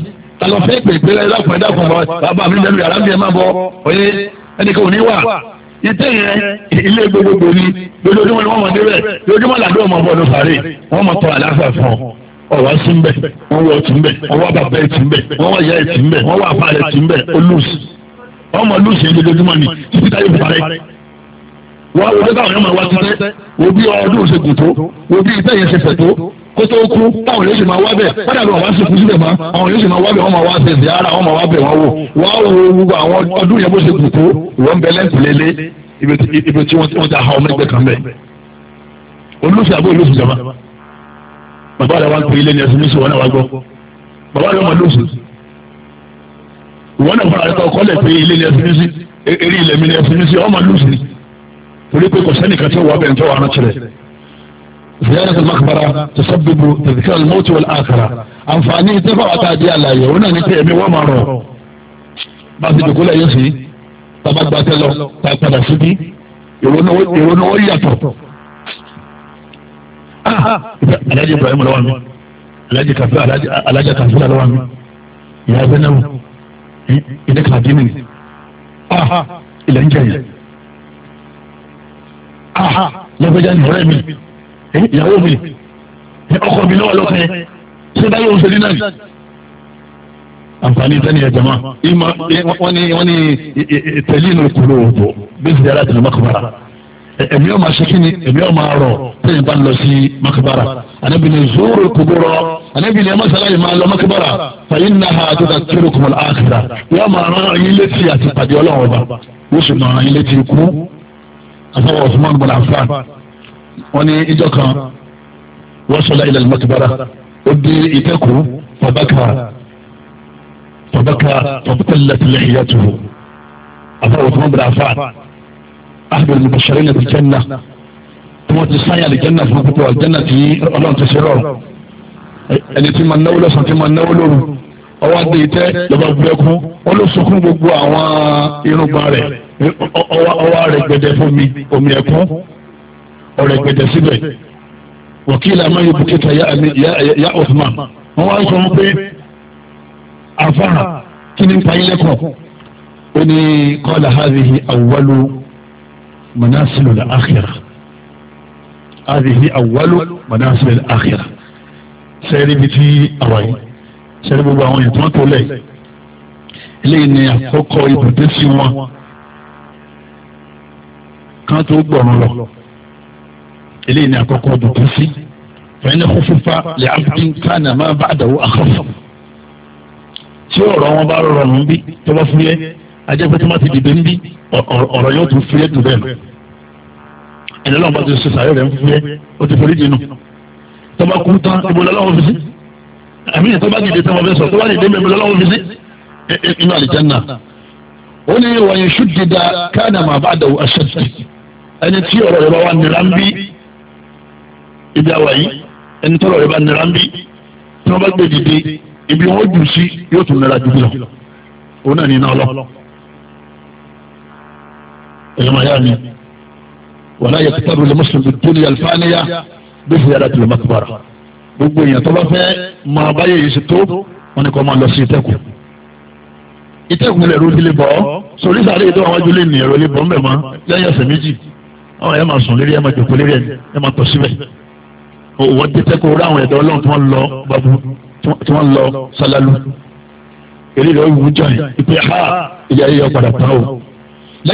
Speaker 1: alọ́fẹ́ ìpè ìpè rẹ̀ dákun dákun bàbá mi lẹ́nu yàrá mi ẹ̀ máa bọ̀ òye ẹnìkan ò ní wà ìtẹ́ yẹn ilé gbogbogbò ni lójoojúmọ́ ni wọ́n mọ̀ débẹ̀ lójoojúmọ́ làdó ọmọ bọ̀ ló fàárẹ̀ wọ́n mọ̀ tọ́ àlàáfíà fún ọ ọwọ́ sí ń bẹ̀ wọ́n wọ ọtí ń bẹ̀ wọ bàbá ẹ̀ tí ń bẹ̀ wọ́n wọ ìyá ẹ̀ tí ń bẹ̀ wọ́n wọ àbá ẹ̀ tí ń bẹ̀ ó ọmọ ìlú ṣe lójoojúmọ́ ni títí táyé fi parẹ́ wá wo dọ́kà àwọn ọmọ wa ti tẹ́ wo bí ọdún ò ṣe gùn tó wo bí ìtẹ́ yẹn ṣe fẹ̀ tó kó tó kú táwọn yóò ṣe máa wá bẹ̀ wọ́n dàbí wọ́n wá sí kùsùlẹ̀ mọ́ àwọn yóò ṣe máa wá bẹ̀ wọ́n máa wá ṣe ara wọ́n máa wá bẹ̀ wọ́n wò wá wo gbogbo àwọn ọdún yẹn bó ṣe gùn tó wọ́n bẹ lẹ́ǹkùlélé ibi tí wọ́n ti ha ọmọ ẹgbẹ́ kan bẹ̀ olùsí àbó olùsí jama bàbá é lẹ́ni ẹ̀sìn mi sọ wọn náà wá gbọ́ bàbá rẹ̀ ìwọ náà fúnra rẹ kọ́ kọ́lẹ̀ pé ilé ni ẹ fi mí sí eré ilẹ̀ mi ni ẹ fi mí sí ọmọ lùsì ni torí pé kò sẹ́nìkan tí wàá bẹ̀rẹ̀ tó wà rántí rẹ̀.
Speaker 3: زيارة المقبرة تسبب
Speaker 1: تذكار الموت والآخرة أنفاني تفع تادي الله هنا نتعب ومره بعد تقول يسي طبعا باتلو تاكد سبي يرونو وياتو آه ألاجي إبراهيم الوامي ألاجي كفي ألاجي كفي الوامي يا بنو ilẹ̀ kìláàdì mi ilẹ̀ ń jẹ yìí lọ́gbẹ́jà ni ọ̀rẹ́ mi ìyàwó mi ọkọ mi náà lọ́kùnrin ṣé báyìí o ṣe ní náà àǹfààní sẹ́ni ẹ̀jẹ̀ máa ìmọ̀ wọ́n ní wọ́n ní tẹ̀lé inú ìkúrò òbò bí ti dára tẹ̀lé makabara ẹ̀mí ọ̀ máa ṣe kí ni ẹ̀mí ọ̀ rọ̀ tẹ̀yìn bá ń lọ sí makabara anabi ni zuuru kuburo anabi ni amasala yi maa lọmọ kibara fayin na ha ati ka kiri kumul akira ya maa ran yin létí àti pàdé ọlọ́wọ́ ba wosù maa ran yin létí kú afọwọ́ Usman bin Affan wọn ni ijọ kan wasala ilẹ̀ lọmọ kibara ó fabaka fabaka fabatala tilẹ̀ ìyàtò afọwọ́ Usman bin Affan ahmed mubashirin bil janna wọ́n ti sáyà lè jẹ́nà fún púpọ̀ jẹ́nà tí ọlọ́run ti sọ̀rọ̀ ẹni tí ma náwó lọ́sàn tí ma náwó lóru ọwọ́ adé tẹ́ lọ́ba gbẹ́kún wọ́n ló sunkún gbogbo àwọn irúgbà rẹ̀ ọwọ́ rẹ̀ gbẹdẹ fomi omi ẹ̀kún ọ̀rẹ́ gbẹdẹ síbẹ̀ wọ́kìlá máa yẹ bukita ya Uthman wọ́n wá sọ pé afa kí ni nǹkan ilé kọ̀ ó ní qala hadhihi awwalu manasilul akhirah àdìhí àwálò mọ̀nàṣẹ́ àkìrà sẹ́rí bíi ti àwáyé sẹ́rí gbogbo àwọn ètò tó lẹ̀ eléyìí ni àkọ́kọ́ ibùdó sí wọn kan tó gbọ̀ràn lọ eléyìí ni àkọ́kọ́ ibùdó sí fẹ́ẹ́ni kófífa lè àbí kánà máa bá àdàwọ̀ àkọ́fọ́ tí ọ̀rọ̀ wọn bá rọrùn bí tó bá fúyẹ́ ajẹ́pẹ́ tó má ti dìde ń bí ọ̀rọ̀ yóò tún fúyẹ́ jù bẹ́ẹ̀ lọ ẹni lọ́wọ́ bá ti ṣe sàárẹ̀ rẹ̀ ń fúyẹ́ ó ti forí jìnnà tó bá kú tán ibo lọ́wọ́ fi sí àmì tó bá dìde tán wọ́n fẹ́ sọ tó bá dìde mẹ́mi lọ́wọ́ fi sí inú àlìjẹ́nà ó ní wọ̀nyí ṣùdìdà káàdà máa bá dàwọ̀ aṣọ́tì ẹni tí ọ̀rọ̀ rẹ̀ bá wà nira ń bí ibi àwà yìí ẹni tọ́rọ̀ rẹ̀ bá nira ń bí tí wọ́n bá gbé dìde ibi wọn jù sí yóò tún nira jù lọ òun náà ẹ̀yọ́ máa yá mi wàlá yẹtùtàrù lè mùsùlùmí dúnìyà alfáníyà bí fi yàrá tìlẹ̀ makubara gbogbo èèyàn tó bá fẹ́ máa báyé yìí ṣe tó wọn ni kò máa lọ sí ìtẹ́kùn ìtẹ́kùn lè rúdílé bọ́ sórí sáré ìdó àwọn ajúlé ní ẹ̀rọ ilé bọ́ mbẹ̀ mọ́ lẹ́yìn ọ̀sẹ̀ méjì àwọn ẹ̀ máa sùn lérí ẹ̀ máa jòkó lérí ẹ̀ máa tọ̀ síbẹ̀ òwò dẹ́tẹ́kùn orí àwọn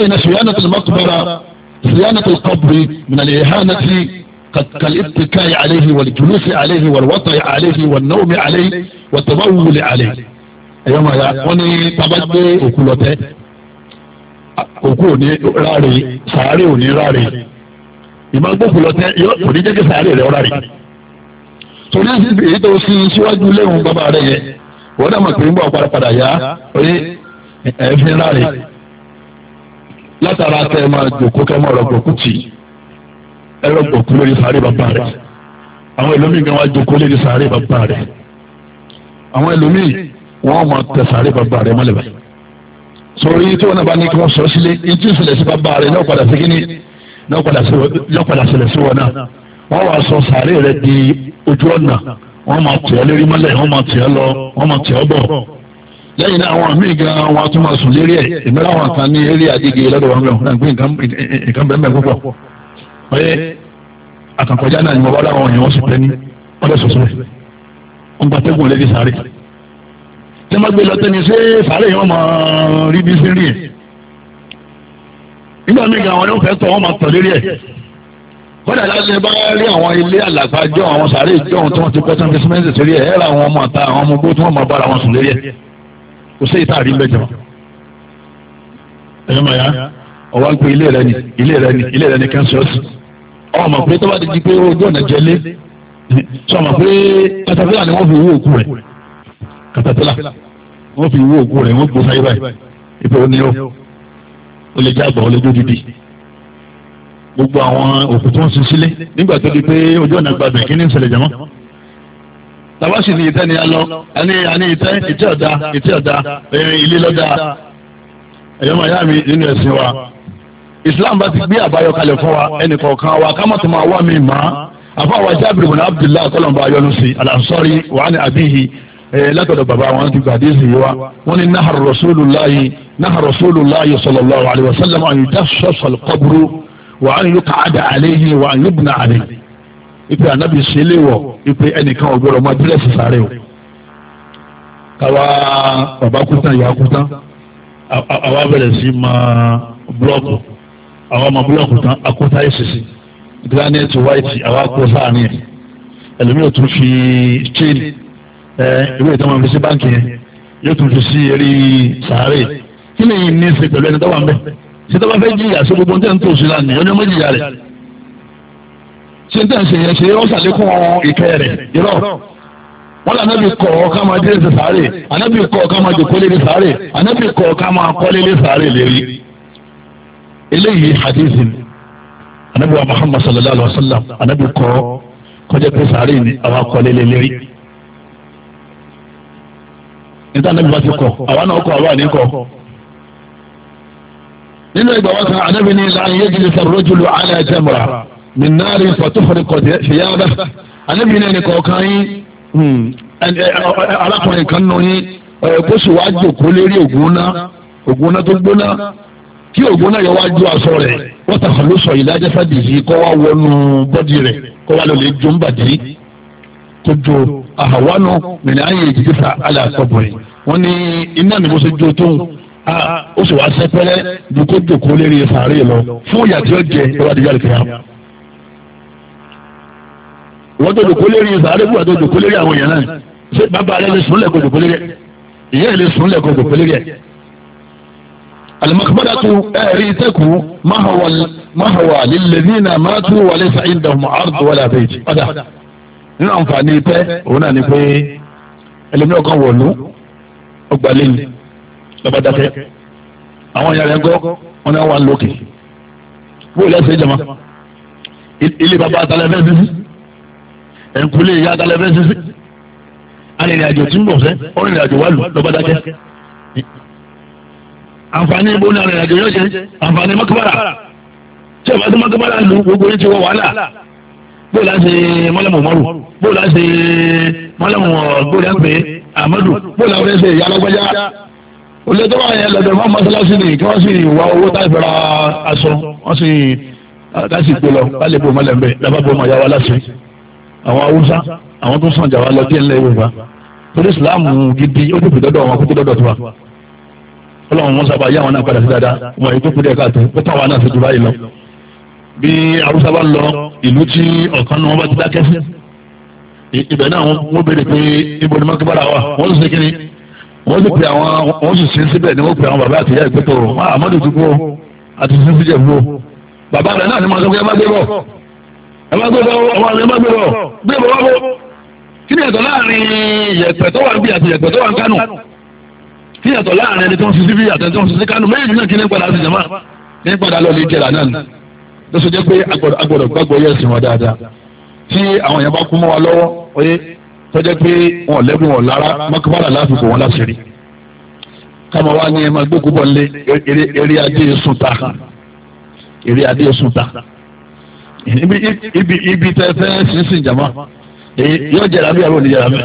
Speaker 1: ẹ̀dọ́ صيانة القبر من الإهانة كالاتكاء عليه والجلوس عليه والوطع عليه والنوم عليه والتبول عليه ẹ̀yọ́ máa ya wọ́n ní bàbá gbé òkú lọ́tẹ́ òkú ò ní ráre sàárè ò ní ráre ìmọ̀ gbókù lọ́tẹ́ kò ní jẹ́kẹ́ sàárè rẹ̀ ráre. torí síbi èyí tó fi síwájú léwu bàbá rẹ̀ yẹ wọ́n dà mọ̀ pé ń bọ̀ padà padà yá oye ẹ̀ẹ́fín ráre látara kẹ́ ẹ máa jòkó kẹ́ ẹ máa rọgbọ̀kú tì ẹ rọgbọ̀kú lórí sàárè bàbá rẹ̀ àwọn ẹlòmíì gan wa jòkó lórí sàárè bàbá rẹ̀ àwọn ẹlòmíì wọ́n máa tẹ sàárè bàbá rẹ̀ mọ́lẹ̀ báyìí sọ̀rọ̀ yìí tí wọ́n náà bá ní kí wọ́n sọ sílé ìtí ìṣẹ̀lẹ̀ sí bàbá rẹ̀ náà padà sí kíní náà padà ṣẹlẹ̀ sí wọn náà wọ́n wá sọ sàárè rẹ̀ di ojú ọ̀nà wọ́n máa tẹ̀ ẹ́ lérí mọ́lẹ̀ wọ́n máa tẹ̀ ẹ́ lọ wọ́n máa tẹ̀ ẹ́ bọ̀ lẹ́yìn náà àwọn míì gan wọn tún máa sùn lérí ẹ̀ ìmọ̀lá àwọn kan ní eré àdìgẹ lọ́dọ̀ wọn lọ́wọ́ náà gbé nǹkan bẹ́ẹ̀ bẹ́ẹ̀ púpọ̀ ọyẹ àkànkọjá náà ni mo bá láwọn èèyàn wọn sì pẹ́ ní ọdẹ sọ̀sọ̀ rẹ̀ ń gba tẹ́gùn lẹ́dí sáré tí wọ́n gbé lọ́tẹ́ ni ṣé sáré yẹn wọ́n máa rí bí sí rí ẹ̀
Speaker 2: nígbà míì gan àwọn ẹni fẹ́ tọ́ wọ́n máa tọ̀ lérí ẹ̀
Speaker 3: kódà láti bá rí àwọn ilé àlàkà jọ àwọn sáré jọ ohun tí wọ́n
Speaker 1: ti pẹ́ sẹ́ńtẹ́símẹ́ǹtì sí rí ẹ̀ ẹ̀ ra àwọn ọmọ àta àwọn ọmọ ogbó tí wọ́n máa bára wọn sùn lérí ẹ̀ kò sí ìta àrí mẹ́jọ ẹ̀yọ́ mọ̀ ya ọwọ́ ń pe ilé rẹ ni ilé rẹ ni ilé rẹ ni kẹ́ńsọ́ọ̀sì ọmọ pé tó bá ti di pé ojú ọ̀nà jẹlé sọmọ pé katapila ni wọ́n fi wú òkú rẹ̀ katapila wọ́n fi wú òkú rẹ̀ wọ́n gbó sáyé báyìí ìpè òní o ó lè jẹ́ àgbà ó lè jó dìdì gbogbo àwọn òkú tó ń sin sílé nígbà tó di pé ojú ọ̀nà gbàgbẹ́ kí ni ń ṣẹlẹ̀ jàmọ́ tàbá sì ní ìtẹ́ ni a lọ àní àní ìtẹ́ ìtẹ́ ọ̀dà ìtẹ́ ọ̀dà ilé lọ́dà ẹ̀yọ́ máa yá mi nínú ẹ̀sìn wa Islam bá ti gbé àbáyọ kalẹ̀ fún wa ẹnì kọ̀ọ̀kan wa ká má tó máa wá mi mà á àfọwọ́ Jábìrì bùnà Abdullahi akọ́lọ́mbà ayọ́nu sí alansọ́rí wàhánì àbíyí látọ̀dọ̀ bàbá wọn ti gbàdé sí wa wọn ni nahar Rasulullahi nahar Rasulullahi sallallahu alayhi wa sallam an yudassa al-qabru wa an yuqada alayhi wa an yubna alayhi ipe ànábì ṣe lè wọ̀ ipe ẹnìkan ò gbọ́dọ̀ máa dírẹ́sì sáré o káwa bàbá kú tán ìyá kú tán àwa bẹ̀rẹ̀ sí máa búlọ́ọ̀kù àwa máa búlọ́ọ̀kù tán akóta ìṣìṣì granite white àwa kó sáàrin ẹ̀ ẹlòmíì ò tún fi chain ẹ ìwé ìtàn máa fi sí báńkì yẹn yóò tún fi sí eré sàárè kí lè yìí ní í pẹ̀lú ẹni tó wà ń bẹ̀ ṣé tó bá fẹ́ jìyà sí gbogbo ní tẹ̀ ń tòṣì lánàá ọjọ́ méjìyà rẹ̀ ṣé tẹ̀ ṣe yẹn ṣe ó ṣàlékún ìkẹ́ rẹ̀ irọ́ wọ́n lé anábì kọ̀ ọ́ ká máa dírẹ́sì sáré anábì kọ̀ ọ́ ká máa jòkó lérí sáré anábì kọ̀ ọ́ ká máa kọ́ lérí sáré lérí eléyìí hadithi anábì wa muhammad sallallahu alaihi wa sallam anábì kọ̀ ọ́ kọjá pé sáré ni àwa kọ́ lérí lérí níta anábì bá ti kọ̀ àwa náà kọ̀ àwa ní kọ̀ nínú ìgbà wọn sàn anábì ní ìlànà yéjìlì sàrọ́jùlù àlẹ́ àjẹmọ́ra min náàrí fọ̀túfọ̀rí kọ̀dé ṣìyáàbá anábì ní ẹnì kọ̀ọ̀kan yín alákùnrin kan nù yín eh, kó sì wá jòkó lérí ògùn náà ògùn náà tó gbóná kí ògùn náà yọ wá ju aṣọ rẹ̀ wọ́n tàfà ló sọ ìdájọ́ sáàdì yìí kọ́ wá wọnú bọ́dì rẹ̀ kọ́ wá lọ́lẹ̀ jó ń bàjẹ́ tó jo ni mo ṣe jó tóun ó sì wá sẹ́pẹ́rẹ́ dùkó jòkó lérí sàárè lọ fún wọ́n tó dòkó lérí sàárè fún àti dòkó lérí àwọn èèyàn náà ṣé bàbá rẹ lè sùn lẹ́kọ̀ọ́ dòkó lérí ẹ̀ ìyá ẹ̀ lè sùn lẹ́kọ̀ọ́ dòkó lérí ẹ̀. alimakumada tu ẹ̀rí tẹ́kù mahawa lilladhina matu wàlẹ̀ sàyíǹda mu ardu wàlẹ̀ àbẹ̀jì ọ̀dà nínú àǹfààní pẹ́ òun náà ni pé ẹlẹ́mi ọkàn wọ̀lú ọgbà lẹ́yìn lọ́ba dákẹ́ àwọn yàrá ẹ̀gọ́ wọn náà wà lókè bóyá ẹ̀sẹ̀ jama ilé baba atalẹ̀ fẹ́ẹ́ ẹ̀ǹkulé ìyá akalẹ̀ fẹ́ sísí arìnrìnàjò tí ń bọ̀ fẹ́ ọ̀rìnrìnàjò wà lù lọ́ba dákẹ́. àǹfààní ibo ni arìnrìnàjò yóò ṣe àǹfààní mọ́kàbára tí ìbá tó mọ́kàbára lu gbogbo yìí ti wọ wàhálà bó la ṣe mọ́lẹ́mù mọ́rù bó la ṣe mọ́lẹ́mù gbódà pé amadu bó la fẹ́ ṣe ìyá alágbájá olùdó wa fún mọ́sálásí ni kí wọ́n sì wá owó táìfẹ́ra aṣọ wọ́n sì kásì gbé lọ lálẹ́ bò mọ́lẹ̀ mbẹ́ lábàbọ̀ mọ̀ yá wa àwọn haúsá àwọn tó sàn jà wá lọ díẹ̀ ńlẹ̀ yorùbá torí ìsìláàmù gidi ó tètè dọ́dọ̀ wọn kó tó dọ́dọ̀ tiwa ọlọ́run wọn sábà yá wọn náà padà sí dáadáa wọn èyí tó kú díẹ̀ káàtó ó tàn wọn náà fi jù báyìí lọ. bí haúsá bá lọ ìlú tí ọ̀kan náà wọn bá ti dákẹ́ sí ibẹ̀ náà wọ́n béèrè pé ibo ni mọ́kíbára wà wọ́n sì kiri wọ́n sì pè àwọn wọ́n sì sin síbẹ̀ ni wọ́n pè àwọn bàbá àtìyá ìpẹ́tọ̀ àmọ́dé dùgbò àti ah, sísíjẹ̀ gbò bàbá rẹ̀ náà ẹ má gbé lọ ọmọ rẹ má gbé lọ gbé bọ wá bọ kí ni ìyàtọ̀ láàrin yẹ̀pẹ̀ tó wà níbi àti yẹ̀pẹ̀ tó wà ní Kánò kí ni ìyàtọ̀ láàrin ẹni tó ń sisi bí àti ẹni tó ń sisi Kánò méjì náà kí ni padà sí jama ní padà lọ lè jẹrà náà ló sọ jẹ pé agbọ́dọ̀ gbàgbọ́ yẹ ẹ̀sìn wọn dáadáa tí àwọn yẹn bá kú mọ́ wa lọ́wọ́ oyé tọjẹ pé wọn lẹ́gùn wọn lára mọkànlá láfikò wọn láṣìírí kama wa ni ẹ máa gbókùbọ̀ lé eré adé sunta eré adé sunta ibi ibi tẹ fẹ́ sínsìn jama yóò jẹrà bí àbí òní jẹrà mẹ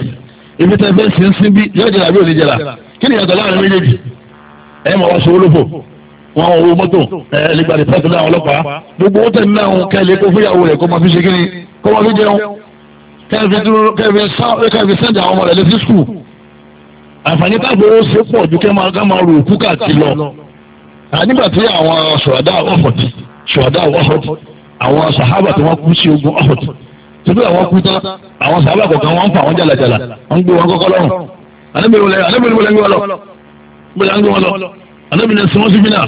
Speaker 1: ibi tẹ fẹ́ sínsìn bí yóò jẹrà bí òní jẹrà kí ni ìyàtọ̀ láàrin méjèèjì ẹ mọ̀ wá sọ olófò wọn ò wo mọ́tò ẹ nígbà tí pẹ́ẹ́tù náà ọlọ́pàá gbogbo ó tẹ̀ ní àwọn kẹ́lẹ́ kó fúyàwó rẹ̀ kó máa fi ṣe kí ni kó máa fi jẹun kẹ́ẹ̀fì sẹ́ǹdì àwọn ọmọ rẹ̀ lè fi skul àǹfààní táàbù ó ṣe pọ̀ ju kẹ́ máa ká máa rò òkú káàkiri lọ nígbà tí àwọn ṣùwádà ọ̀fọ̀tì ṣùwádà ọ̀fọ̀tì àwọn sàhábà tí wọ́n kú sí ogun ọ̀hún tóbi àwọn kú tán àwọn sàhábà kọ̀ọ̀kan wọ́n ń fa àwọn jàlàjàlà wọ́n ń gbé wọn kọ́kọ́ lọ́rùn anábìrin wọlé anábìrin wọlé ń gbé wọn lọ gbé wọn gbé wọn lọ anábìrin sọ wọn bínà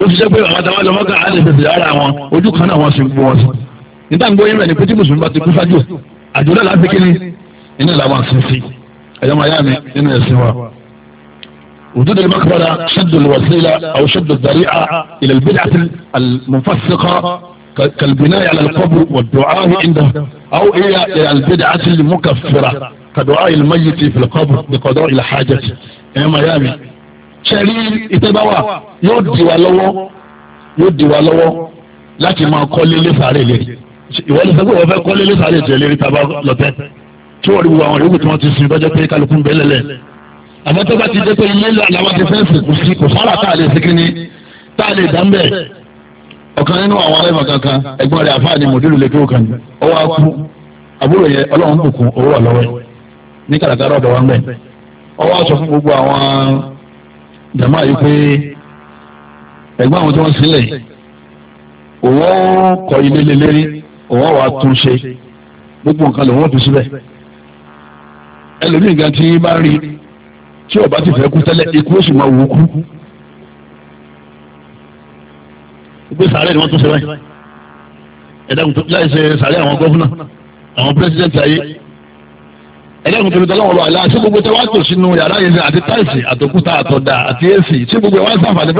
Speaker 1: ó ti jẹ́ pé àwọn àtàwọn ọmọ kan á fèsì ara wọn ojú kan náà wọ́n sì gbó wọn sí níta ń gbó yín mẹ́rin pé mùsùlùmí bá ti kú sájú àjò náà láti kí ni iná làwọn àṣìṣe
Speaker 2: ẹ̀yọ́ máa yá mi nínú ẹ̀sìn wa.
Speaker 1: وجود المقبرة شد الوسيلة أو شد الذريعة إلى البدعة المنفسقة كالبناء على القبر والدعاء عنده أو إلى البدعة المكفرة كدعاء الميت في القبر بقضاء الحاجة يا ميامي ṣẹ̀rí ìtẹ́báwà yóò di wa lọ́wọ́ yóò di wa lọ́wọ́ láti máa kọ́lé lẹ́sàárè lérí ìwọ ní sọ́kò wọ́n fẹ́ kọ́lé lẹ́sàárè jẹ́ lérí tábà lọ́tẹ́ tí wọ́n rí gbogbo àwọn yòókù tí wọ́n ti sin lọ́jọ́ pé kálukú ń bẹ́lẹ̀ lẹ́ẹ̀ àmọ́ tó bá ti dé pé ilé làwọn ti fẹ́ a lè sikin ní tá a lè dá ọkan ọ̀kan nínú àwọn aláìmọ̀ kankan ẹ̀gbọ́n rẹ̀ àfáà ni mòdúlù lè kan àbúrò yẹ ọlọ́run owó wà lọ́wọ́ ní kàràkàrà ọ̀dọ̀ wa ń bẹ̀. ọwọ́ sọ fún gbogbo àwọn yìí pé ẹ̀gbọ́n àwọn tí wọ́n sílẹ̀ òwò kọ ilé tí ọba ti fẹ́ kú tẹ́lẹ̀ ikú ó sì máa wò kú gbé sàárẹ̀ ni wọ́n tún ṣe báyìí ẹ̀dá kùtù láì ṣe sàárẹ̀ àwọn gọ́fúnà àwọn pírẹsidẹ́ntì ayé ẹlẹ́run tó ń tọ́lọ́ wọn lọ àlá ṣé gbogbo tẹ wá tò sínú yàrá yẹn àti táìsì àtòkúta àtọ̀dà àti èsì ṣé gbogbo wọn sàǹfààní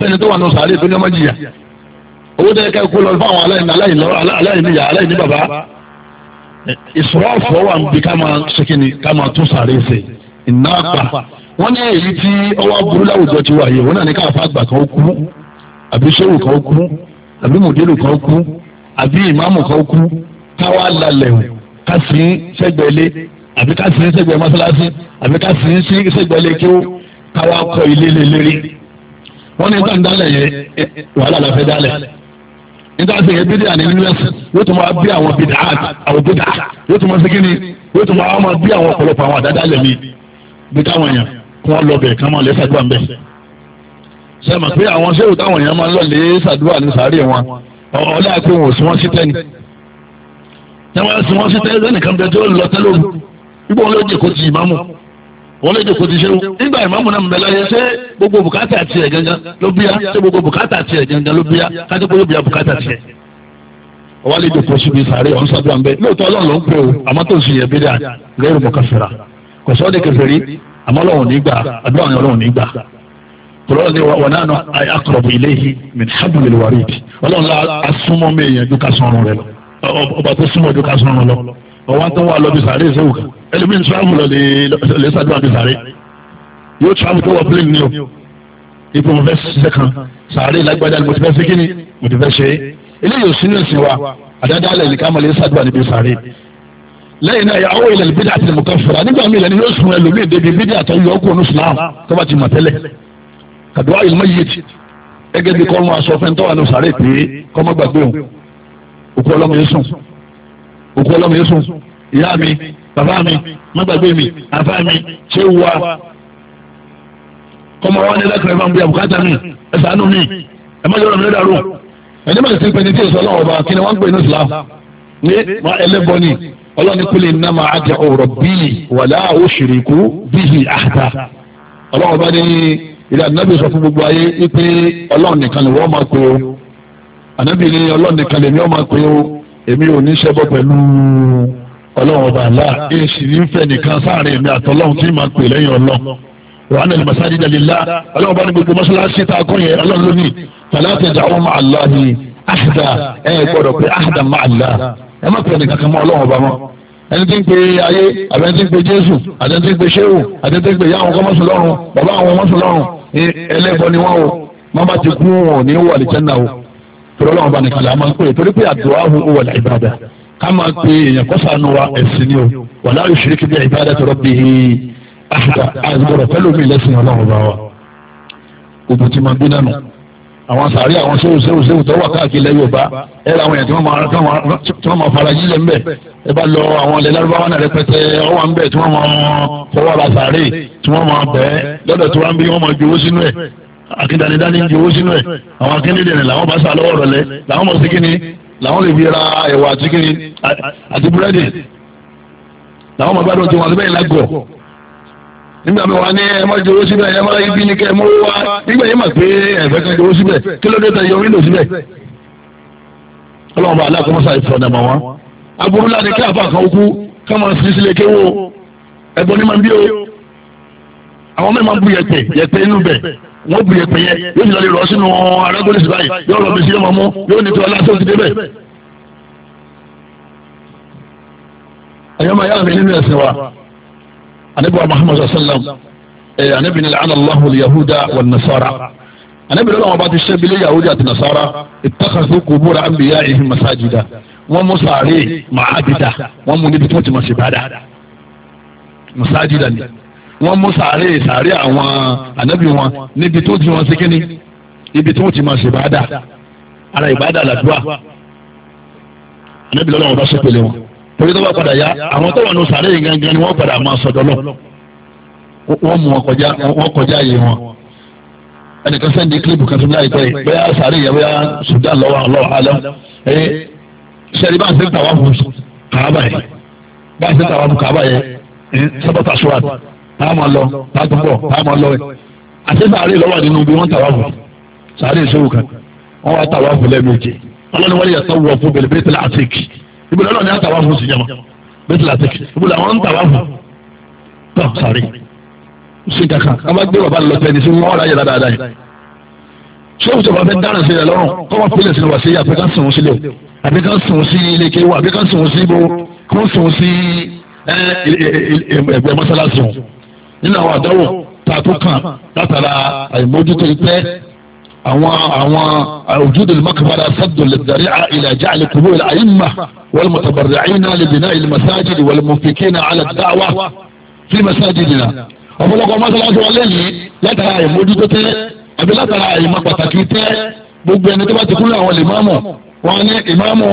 Speaker 1: fẹ́ tó wà nù sàárè tó ní ọmọ jìyà owó tẹ ká kó lọ fún àwọn ìnáàpà wọ́n ní èyí tí ọwọ́ burú láwùjọ ti wáyé wọ́n náà ní káàpá àgbà kan ó kú àbí sẹ́wù kan ó kú àbí mòdélù kan ó kú àbí ìmáàmù kan ó kú káwá lalẹ̀ ká sí sẹ́gbẹ̀lé àbí ká sí sẹ́gbẹ̀ mọ́sálásí àbí ká sí sẹ́gbẹ̀lé kí ó káwá kọ ilé lélẹ́rí wọ́n ní gbàǹdà lẹ̀ yẹ wàhálà la dálẹ̀ nígbà tí yẹn bídíà ní nínú yóò tún máa bí àwọn bídà àwọn bídà yóò tún máa segin ni yóò tún máa bí àwọn ọ̀pọ̀lọpọ̀ àwọn àdáda lẹ̀ bí táwọn èèyàn kí wọ́n lọ bẹ̀ kí wọ́n máa lè ṣàdúrà ń bẹ̀. sẹ́mi pé àwọn ṣéwù táwọn èèyàn máa ń lọ lè ṣàdúrà ní sàárè wọn ọlá pé wọn ò sí wọn sí tẹ́ni. sẹ́wọ́n sí wọn sí tẹ́ni lẹ́nìkan bẹ tó lọ tẹ́lẹ̀ òru ibò wọn ló jẹ kó ti ìmáàmù wọn ló jẹ kó ti ṣéwù. nígbà ìmáàmù náà mbẹ láyé ṣé gbogbo bùkátà tiẹ̀ gangan ló bíyà ṣé gbogbo bùkátà tiẹ̀ gangan ló bíyà kájọ́ pé yóò bíyà bùkátà tiẹ̀ wọ́n lè dòkó síbi sàárè ọ̀hún sábà ń bẹ lóòótọ́ ọlọ́run ló ń pè ó àmọ́ tó ń sìn bí dáa lórí mọ̀káfẹ́ra kò sọ́ de kèfèrí àmọ́ ọlọ́run ní gbà àdúrà àwọn ọlọ́run ní gbà tọ́lọ́ ni wọn náà akọ̀rọ̀bù ilé yìí min hablil warid ọlọ́run la asúnmọ́ mi èèyàn ju ká sọ̀rọ̀ rẹ lọ ọba tó súnmọ́ ju ká sọ̀rọ̀ lọ ọwọ́n tó wà lọ́bi sàárè ṣéwù kan ẹlẹ́mìn tíráàmù lọ lè ṣàdúrà bí sàárè yóò tíráàmù tó wọ plane ni o ipò mo fẹ́ ṣiṣẹ́ kan sàárè lágbádá mo ti fẹ́ ṣe kí ni mo ti fẹ́ ṣe eléyìí ò sínú ìsìn wa àdáadáa lẹ̀ ní lè ṣàdúrà níbi sàárè lẹ́yìn náà yàwó ilẹ̀ bídà àti mùkàfẹ́rà nígbà míì lẹ́ni yóò sun ẹlòmíì débi bídà àti yọ ọkọ̀ onísìláàmù tó bá ti mọ̀ tẹ́lẹ̀ kàdúrà ìlú mẹ́yìí ti gẹ́gẹ́ bí kọ́ ọ́n aṣọ fẹ́ tọ́wà ní sàrẹ́ pé kọ́ mọ́ gbàgbé òun òkú ọlọ́mọ yẹn sùn òkú ọlọ́mọ yẹn sùn ìyá mi bàbá mi má gbàgbé mi àfá mi ṣé wà kọ́mọ wa ní lẹ́kọ̀ọ́ ẹ ṣàánú mi ẹ má yọ̀rọ̀ ni ọlọ́ni kúlẹ̀ nàmà àjà ọ̀rọ̀ bíi wàlá òṣèrèkú bíi àhàtà ọlọ́run bá ní ilẹ̀ ànábì sọ fún gbogbo ayé wípé ọlọ́run nìkan lè wọ́n máa pè ó ànábì ní ọlọ́run nìkan lè mí ọ́ máa pè ó èmi ò ní ṣẹbọ pẹ̀lú ọlọ́run ọba àlá èsì nífẹ̀ẹ́ nìkan sáàrin èmi àtọ́lọ́run tí màá pè lẹ́yìn ọlọ́run wàhánà lùmọ̀sáàdì dàlílá ọlọ́run bá ní gbogbo mọ́ṣáláṣí tá a kọ́ yẹn ọlọ́run lónìí tàlátẹ̀jà ọmọ àlá ni àṣìdá ẹ gbọ́dọ̀ pé àṣìdá máa là ẹ má pẹ̀lú kankan mọ́ ọlọ́run ọba mọ́ ẹni tí ń pe ayé àbí ẹni tí ń pe jésù àti ẹni tí ń pe ṣéwù àti ẹni tí ń pe yáwọn kọ́ mọ́sùn lọ́rùn bàbá àwọn mọ́sùn lọ́rùn ẹlẹ́bọ ni wọ́n o màmá ti kú wọn ò ní wọ àlìjẹ́nà o torí ọlọ́run ọba nìkan là máa ń pè torí pé àdúrà hu wọ là ìbàdà ká máa pe èèyàn kọ́sànù wa ẹ̀sìn ni o
Speaker 3: wàlá yushrik bí ìbàdà tọ̀rọ̀ bí
Speaker 1: àṣìdá àgbọ̀rọ̀ pẹ́lú mi lẹ́sìn ọlọ́run ọba wa òbí máa bí nánu àwọn sàárì àwọn sẹ́wù sẹ́wù sẹ́wù tó wà káàkiri ilẹ̀ Yorùbá ẹ làwọn èèyàn tí wọ́n máa fara jílẹ̀ ńbẹ̀ ẹ bá lọ àwọn ilẹ̀ lárúbáwá náà rẹpẹtẹ ọwọ́ ńbẹ tí wọ́n máa fọwọ́ ra sàárì tí wọ́n máa bẹ̀ ẹ́ lọ́dọ̀ tí wọ́n bí wọ́n máa ju owó sínú ẹ̀ akíndanidání ju owó sínú ẹ̀ àwọn akíndìdìrín làwọn bá sà lọ́wọ́ rẹ̀ lẹ́ làwọn mọ̀ nígbà mi wà ní ẹmọ ìjòwó síbẹ̀ ẹmọ ibi ní kẹ́ mú wá nígbà yẹn mà pé ẹ̀fẹ́ kan jòwó síbẹ̀ kí ló dé tẹ yọ wíńdò síbẹ̀. ọlọ́run bá aláàkọ́mọ́sá ìfọ̀nà mọ̀ wọ́n. aburú láti kí àfa kan kú ká máa sin sílé kéwò ẹ̀gbọ́n ní máa ń bí o. àwọn mẹ́rin máa ń bu yẹ̀pẹ̀ yẹ̀pẹ̀ inú bẹ̀ wọ́n bu yẹ̀pẹ̀ yẹn yóò ti lọ lè rọ sínú arákùnrin báyìí yóò rọ bẹ̀sí ọmọ mú yóò ní tí ọlá tó ti débẹ̀. ẹ̀yọ́ anabi wa muhammadu sallam anabi ni la'ana allahu yahuda wa nasara anabi lọ́wọ́ bá ti ṣẹ́bílẹ̀ yahudi àti nasara ittakhadhu qubura anbiya'ihim masajida wọ́n mú sàárè màádìdá wọ́n mú níbi tó ti mọ̀ sí bàdà masajida ni wọ́n mú sàárè sàárè àwọn anabi wọn níbi tó ti wọn sí kíní ibi tó ti mọ̀ sí bàdà ara ìbàdà làdúrà anabi lọ́wọ́ bá torí tó bá padà yá àwọn tó wà ní sàárè yìí gangan ni wọ́n padà máa sọ̀dọ̀ lọ wọ́n mú wọn kọjá wọ́n kọjá yìí wọn ẹnìkan sẹ́ndí kílípù kan tó ní àìpẹ́ yìí bóyá sàárè yẹ bóyá Sudan lọ́wọ́ lọ́wọ́ alẹ́ ẹ sẹ́ni bá ń sẹ́ni tàwa fún kàába yẹ bá ń sẹ́ni tàwa fún kàába yẹ sábàtà surat táà máa lọ bọ̀ táà máa lọ àti sàárè lọ́wọ́ nínú bí wọ́n tàwa fún sàárè ibùdó ọlọ́ọ̀ni àtàwọn fún sí jẹmọ bẹ́ẹ̀ tí la tẹ̀kì ibùdó àwọn ń tàwọn fún tọ́ sáré sí kankan a bá gbé bàbá lọ tẹ́ni sí wọ́n ráyè dáadáa yìí sọ́wọ́n tó bá fẹ́ dáná sí rẹ̀ lọ́rùn kọ́ wá pílẹ̀ sínú wà sí àbí kan sùn sílẹ̀ àbí kan sùn sí ilé kéwà àbí kan sùn sí ibo kó sùn sí ẹgbẹ́ mọ́sálásùn nínú àwọn àdáwò tààtú kan látara àìmójútó ipẹ́ àwọn àwọn òjúdò makabara sọ́dọ̀lẹ̀ dàrí ìlàjà àlekùbó ìlà àyínmà wọ́n mọ̀tàbàrà àyínà lèbìnà ìlmàsájìdì wọ́n mọ̀fìkínà àlàdáwà fi màsájìdì náà ọ̀pọ̀lọpọ̀ mọ́sálásí wọn lẹ́yìn látara àìmójútó tẹ́ àbí látara àìmọ̀ pàtàkì tẹ́ gbogbo ẹni tó bá ti kúrò àwọn lè máàmù wọn ní ìmáàmù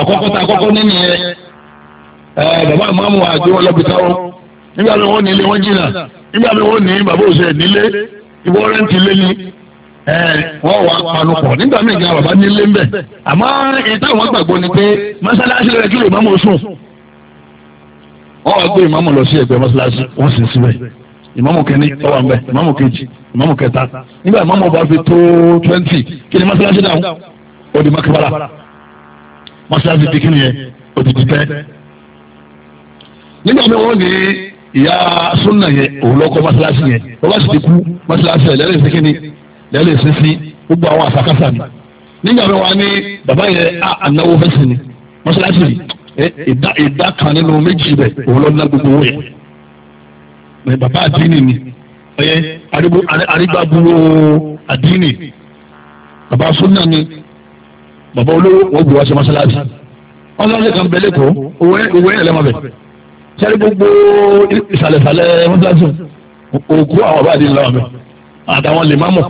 Speaker 1: àkọ́kọ́ tá àkọ́kọ́ nínú yẹn bàbá ìmáàmù àti wọn lọ́bi táwọn nígbà mi wọ́n ní wọn jìnnà nígbà mi wọ́n ní bàbá òṣèlú nílé ìwọ́rẹ́ntì lé ní wọ́n wà panupọ̀ nígbà míì gan bàbá nílé ń bẹ̀ àmọ́ ìta àwọn gbàgbọ́ ni pé mọ́sálásí rẹ̀ kí lè má mọ̀ sùn wọ́n wá gbé ìmáàmù lọ sí ẹgbẹ́ mọ́sálásí wọ́n sì síbẹ̀ ìmáàmù kẹni ó wà ń bẹ̀ ìmáàmù kejì ìmáàmù kẹta nígbà ìmáàmù bá fi tó twenty kí ni mọ́sálásí dáhùn ó di makibara mọ́sálásí di kíni yẹn ó di dìtẹ́ nígbà míì wọ́n ní ìyá súnà yẹn òun lọ́kọ́ mọ́sálásí yẹn ó bá sì ti kú mọ́sálásí ẹ̀ lẹ́rìí sí kíni lẹ́lẹ̀ sísí gbogbo àwọn àfàkásà ni nígbà mi wá ní bàbá yẹn ànáwó fẹsẹ̀ ni mọ́ṣáláṣí ìdá ìdá kan nínú méjì bẹ̀ òun lọ́dún náà gbogbo owó yẹn bàbá àdínì ni ọyẹ arígbàbúrò àdínì bàbá súnà ni bàbá olówó wọ́n gbé wá sí mọ́ṣáláṣí ọlọ́run kan bẹ lẹ́kọ̀ọ́ owó yẹn lẹ́mọ̀ bẹ̀ sẹ́rí gbogbo ìsàlẹ̀sàlẹ̀ mọ́ṣáláṣí òkú àwọn bá àdínì lọ́wọ́ bẹ̀ àtàwọn lè má mọ̀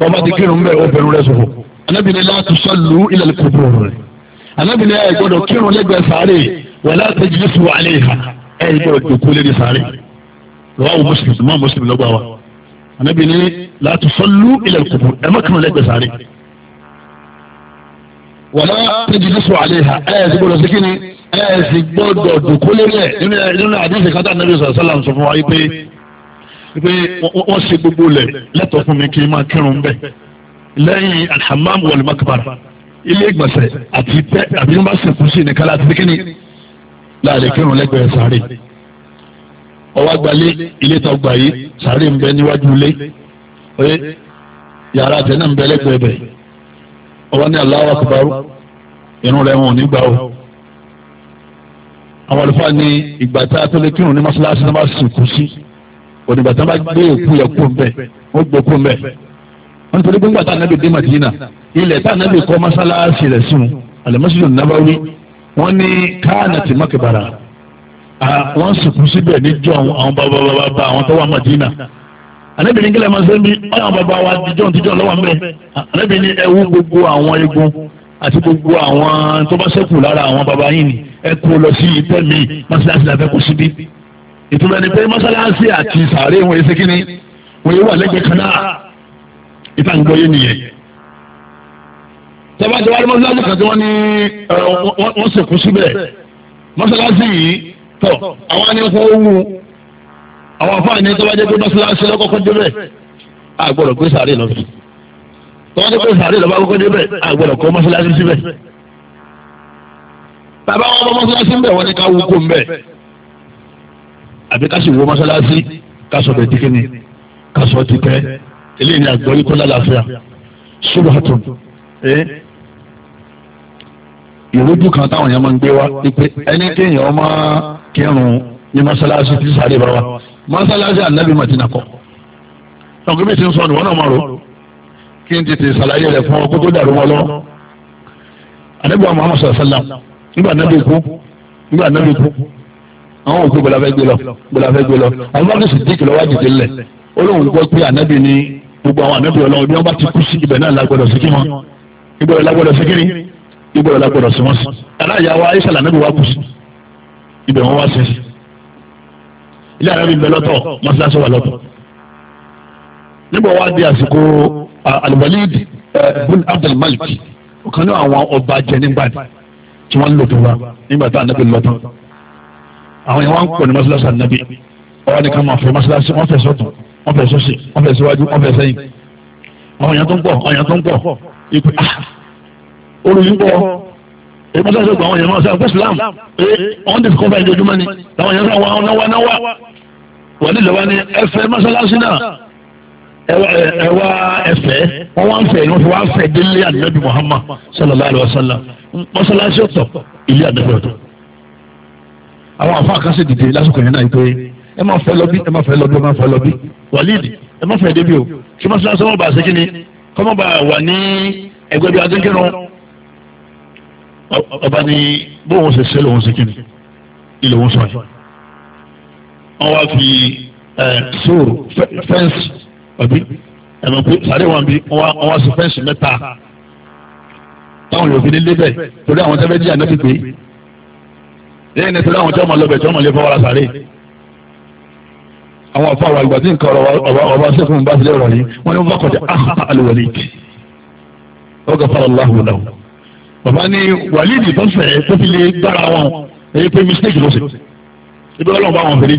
Speaker 1: bọ́mọ ti kírun bẹ́ẹ̀ obìnrin rẹ̀ sọ̀rọ̀ anábìnrin láti sọ́lù ilẹ̀ kúrò rẹ̀ anábìnrin ẹ̀ gbọ́dọ̀ kírun lẹ́gbẹ̀ẹ́ sáré wẹ̀ láti jí sùn alẹ́ ìhà ẹ̀ gbọ́dọ̀ dòkú lé ní sáré lọ́wọ́ mùsùlùmí máa mùsùlùmí lọ́gbà wa anábìnrin láti sọ́lù ilẹ̀ kúrò ẹ̀ má kírun lẹ́gbẹ̀ẹ́ sáré wẹ̀ láti jí sùn alẹ́ ìhà ẹ̀ gbọ́dọ̀ sí kíni ẹ̀ sì gbọ́dọ̀ dòkú lé pé wọ́n ṣe gbogbo lẹ̀ lẹ́tọ̀ọ́ fún mi kí n máa kírun bẹ́ẹ̀ lẹ́yìn alhamam wal makbara ilé ìgbọ̀nsẹ̀ àti tẹ́ àbí wọ́n bá sẹ̀kún sí nìkan láti ní kíni láàrin kírun lẹ́gbẹ̀ẹ́ sáré ọwọ́ agbalé ilé tó gbà yìí sáré ń bẹ níwájú ilé oye
Speaker 3: yàrá àtẹ náà ń bẹ lẹ́gbẹ̀ẹ́ bẹ̀
Speaker 1: ọwọ́ ní Allahu akbar irun rẹ̀ wọn ò ní gbà o àwọn àlùfáà ní ìgbà tá a tó lè kírun ní mọ́ṣáláṣí òdìgbà tí wọ́n bá gbé òkú yẹ kó mbẹ́ wọ́n gbé kó mbẹ́ wọ́n torí gbé ńgbà tá ànábì dé Madina ilẹ̀ tá ànábì kọ́ mọ́sálásí rẹ̀ sùn alimọ́sílẹ̀ nàbáwí wọ́n ní káànà tì mọ́kìbàrà wọ́n sùkú síbẹ̀ níjọ́ àwọn bàbá bàbá àwọn tó wà Madina ànábìrin kílẹ̀ máa ṣe ń bí ọ̀yàn bàbá wa dijọ́ dijọ́ lọ́wọ́ mẹ́ ànábìrin ẹ̀wú gbogbo àwọn egun àti gbogbo àwọn tó bá ṣẹ́kù lára àwọn bàbá yìí ni ẹ kó lọ sí ìtẹ́ mi mọ́sálásí làbẹ́ kó síbí ìtumọ̀ ni pé mọ́sálásí àti sàárè wọn èsì kínní wọn yóò wà lẹ́gbẹ̀ẹ́ kan náà ìtàǹgbọ̀ yé nìyẹn. tẹ́lá ti wá rí mọ́sálásí kan tí wọ́n ní wọ́n sèkú síbẹ̀ mọ́sálásí yìí tọ̀ àwọn ni kò wú àwọn afáà ní tọ́wá jẹ́ pé mọ́sálásí lọ́kọ́kọ́ débẹ̀ àgbọ̀dọ̀ pé sàárè lọ sí tọ́wá jẹ́ pé sàárè lọ́ba kọ́kọ́ débẹ̀ àgbọ̀dọ̀ kọ́ mọ́sálásí síbẹ̀ bàbá wọn bọ́ mọ́sálásí ń bẹ̀ wọ́n ní ká wú kó ń bẹ̀ àbí ká sì wo mọ́sálásí ká sọ bẹ̀ díkíní ká sọ ti tẹ́ eléyìí ni àgbọ̀rí tó lálàáfíà ṣùgbọ́n ìrújú kan táwọn èèyàn máa ń gbé wá pé ẹni kéèyàn máa kírun ní mọ́sálásí tí sáré bá wa mọ́sálásí ànábì màtínà kọ́ ọ̀gbìn mi ti ń sọ ọ̀nà wọn náà máa rò kí n tètè ṣàlàyé rẹ̀ fún ọ kó tó dàrú wọn lọ́wọ́ ànábì wa Muhammad sallallahu alaihi wasallam nígbà ànábì kú nígbà ànábì kú àwọn òkú bọlá fẹ́ gbé lọ bọlá fẹ́ gbé lọ àwọn bá lóṣù díkì lọ́wọ́ àjèjì lẹ̀ ó lóun gbọ́ pé ànábì ni gbogbo àwọn ànábì ọlọ́run bí wọ́n bá ti kú sí ibẹ̀ náà lágbọ́dọ̀ sí kí wọn ìgbọ́dọ̀ lágbọ́dọ̀ sí kí ni ìgbọ́dọ̀ lágbọ́dọ̀ sí wọn sí aláya wa ayéṣà lànàbì wa kù sí ibẹ̀ wọn wá sí sí ilé ànábì bẹ lọ́tọ̀ mọ́sálásí wà lọ́tọ̀ nígbà wá di àsìkò Al-Walid bin Abdul Malik ọ̀kan náà àwọn ọba jẹ nígbà tí wọ́n ń lò àwọn yẹn wọ́n ń pọ̀ ní mọ́sálásí ànábì ọwọ́ ni ká máa fẹ́ mọ́sálásí wọ́n fẹ́ sọ́tún wọ́n fẹ́ sọ́sì wọ́n fẹ́ síwájú wọ́n fẹ́ sẹ́yìn àwọn yẹn tó ń pọ̀ àwọn yẹn tó ń ah, pọ̀ ìpè olùyìnbọ̀ èyí mọ́sálásí ògbà àwọn yẹn máa sẹ́yìn fẹ́sìlám ẹ wọ́n ti kọ́ fẹ́ẹ́ jojúmọ́ ni làwọn yẹn sáwọn náwá náwá wà nílẹ̀ wa ni ẹ fẹ́ mọ́sálásí náà ẹ wá ẹfẹ́ wọ́n wá ń fẹ́ wọ́n fi wá ń fẹ́ délé ànábì Muhammad sallallahu alayhi wa sallam mọ́sálásí ọ̀tọ̀ ilé ànábì ọ̀tọ̀ àwọn àfa kan sì dìde lásìkò yẹn náà pé ẹ máa fẹ́ lọ bí ẹ máa fẹ́ lọ bí ẹ máa fẹ́ lọ bí wàlíìdì ẹ máa fẹ́ débi o kí máa sọ wọn bá ṣe kí ni kọ́ mọ́ bá wà ní ẹgbẹ́ bí adékẹ́rùn ọba ni bóun ṣe ṣe lòun ṣe kí ni ilé òun sọ yìí wọ́n wá fi sóòrò fẹ́ǹsì ọ̀bí ẹ̀mọ̀ pé sàrẹ́ wọn bí wọ́n wá sí fẹ́ǹsì mẹ́ta táwọn yòókì ní lébẹ̀ torí àwọn tẹ́fẹ́ jí ànábì pé lẹ́yìn nítorí àwọn tí wọ́n máa lọ bẹ̀ tí wọ́n máa lè fọwọ́ra sáré àwọn afa wa ìgbà tí nǹkan ọba sẹ́kùn bá sílẹ̀ rọ̀ ni wọ́n ní wọ́n kọjá ah, ah, al-Walid ó ghafara Allahu lahu bàbá ní wàlídì tó fẹ̀ tó fi lè gbára wọn èyí pé mistake ló ṣe ibi ọlọ́run bá wọn fèrè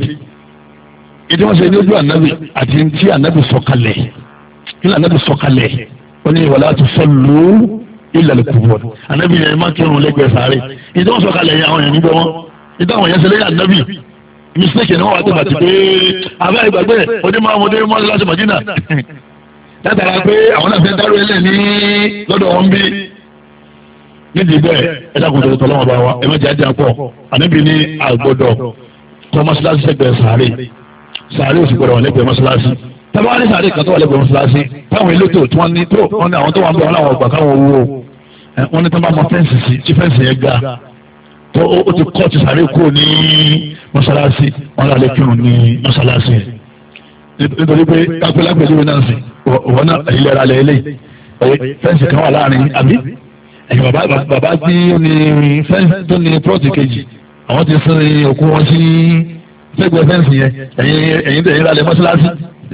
Speaker 1: jì wọn ṣe ní ojú ànábì àti ti ànábì sọ̀kalẹ̀ kí ni ànábì sọ̀kalẹ̀ ó wàlá tó sọ lóò ilẹ̀ kùbọ̀ ànábì yẹn má kírun lẹ́gbẹ̀ẹ́ sáré ìdí wọn sọ̀kalẹ̀ yẹn àwọn yẹn níbẹ̀ wọn ìdí àwọn yẹn sẹlẹ̀ yẹn ànábì mistake ni wọn wà tó bàtí pé abẹ́ ìgbàgbé ọdún máa mọ ọdún mọ́lẹ́ láti Madina látara pé àwọn náà fẹ́ dárò ẹlẹ́ ní lọ́dọ̀ wọn bí nídìí bẹ́ẹ̀ ẹ dákun tó tọ́lọ́ wọn bá wa ẹ mẹ́jẹ ajé àpọ̀ ní àgbọ̀dọ̀ kan tó wà lẹ́gbẹ̀ẹ́ mọ́ṣáláṣí táwọn elétò tí wọ́n ní tó wọn ní àwọn tó wà ń bẹ̀ wọn láwọn ọgbà káwọn owó wọ́n ní tí wọ́n bá mọ fẹ́ǹsì sí tí fẹ́ǹsì yẹn ga tó o ti kọ́ ti sàré kú ní mọ́sálásí wọn lálẹ́ kírun ní mọ́sálásí nítorí pé lápẹ́lápẹ́ lórí náà sìn wọ́n náà ìlera lẹ́ ilé fẹ́ǹsì kan wà láàrin àbí ẹ̀yìn bàbá bàbá tí ó ní fẹ́ǹsì tó ní pọ́ọ̀tì kejì àwọn ti sin òkú wọn sí fẹ́gbẹ́ fẹ́ǹsì yẹn ẹ̀yìn ẹ̀yìn tẹ̀yìn lálẹ́ mọ́sálásí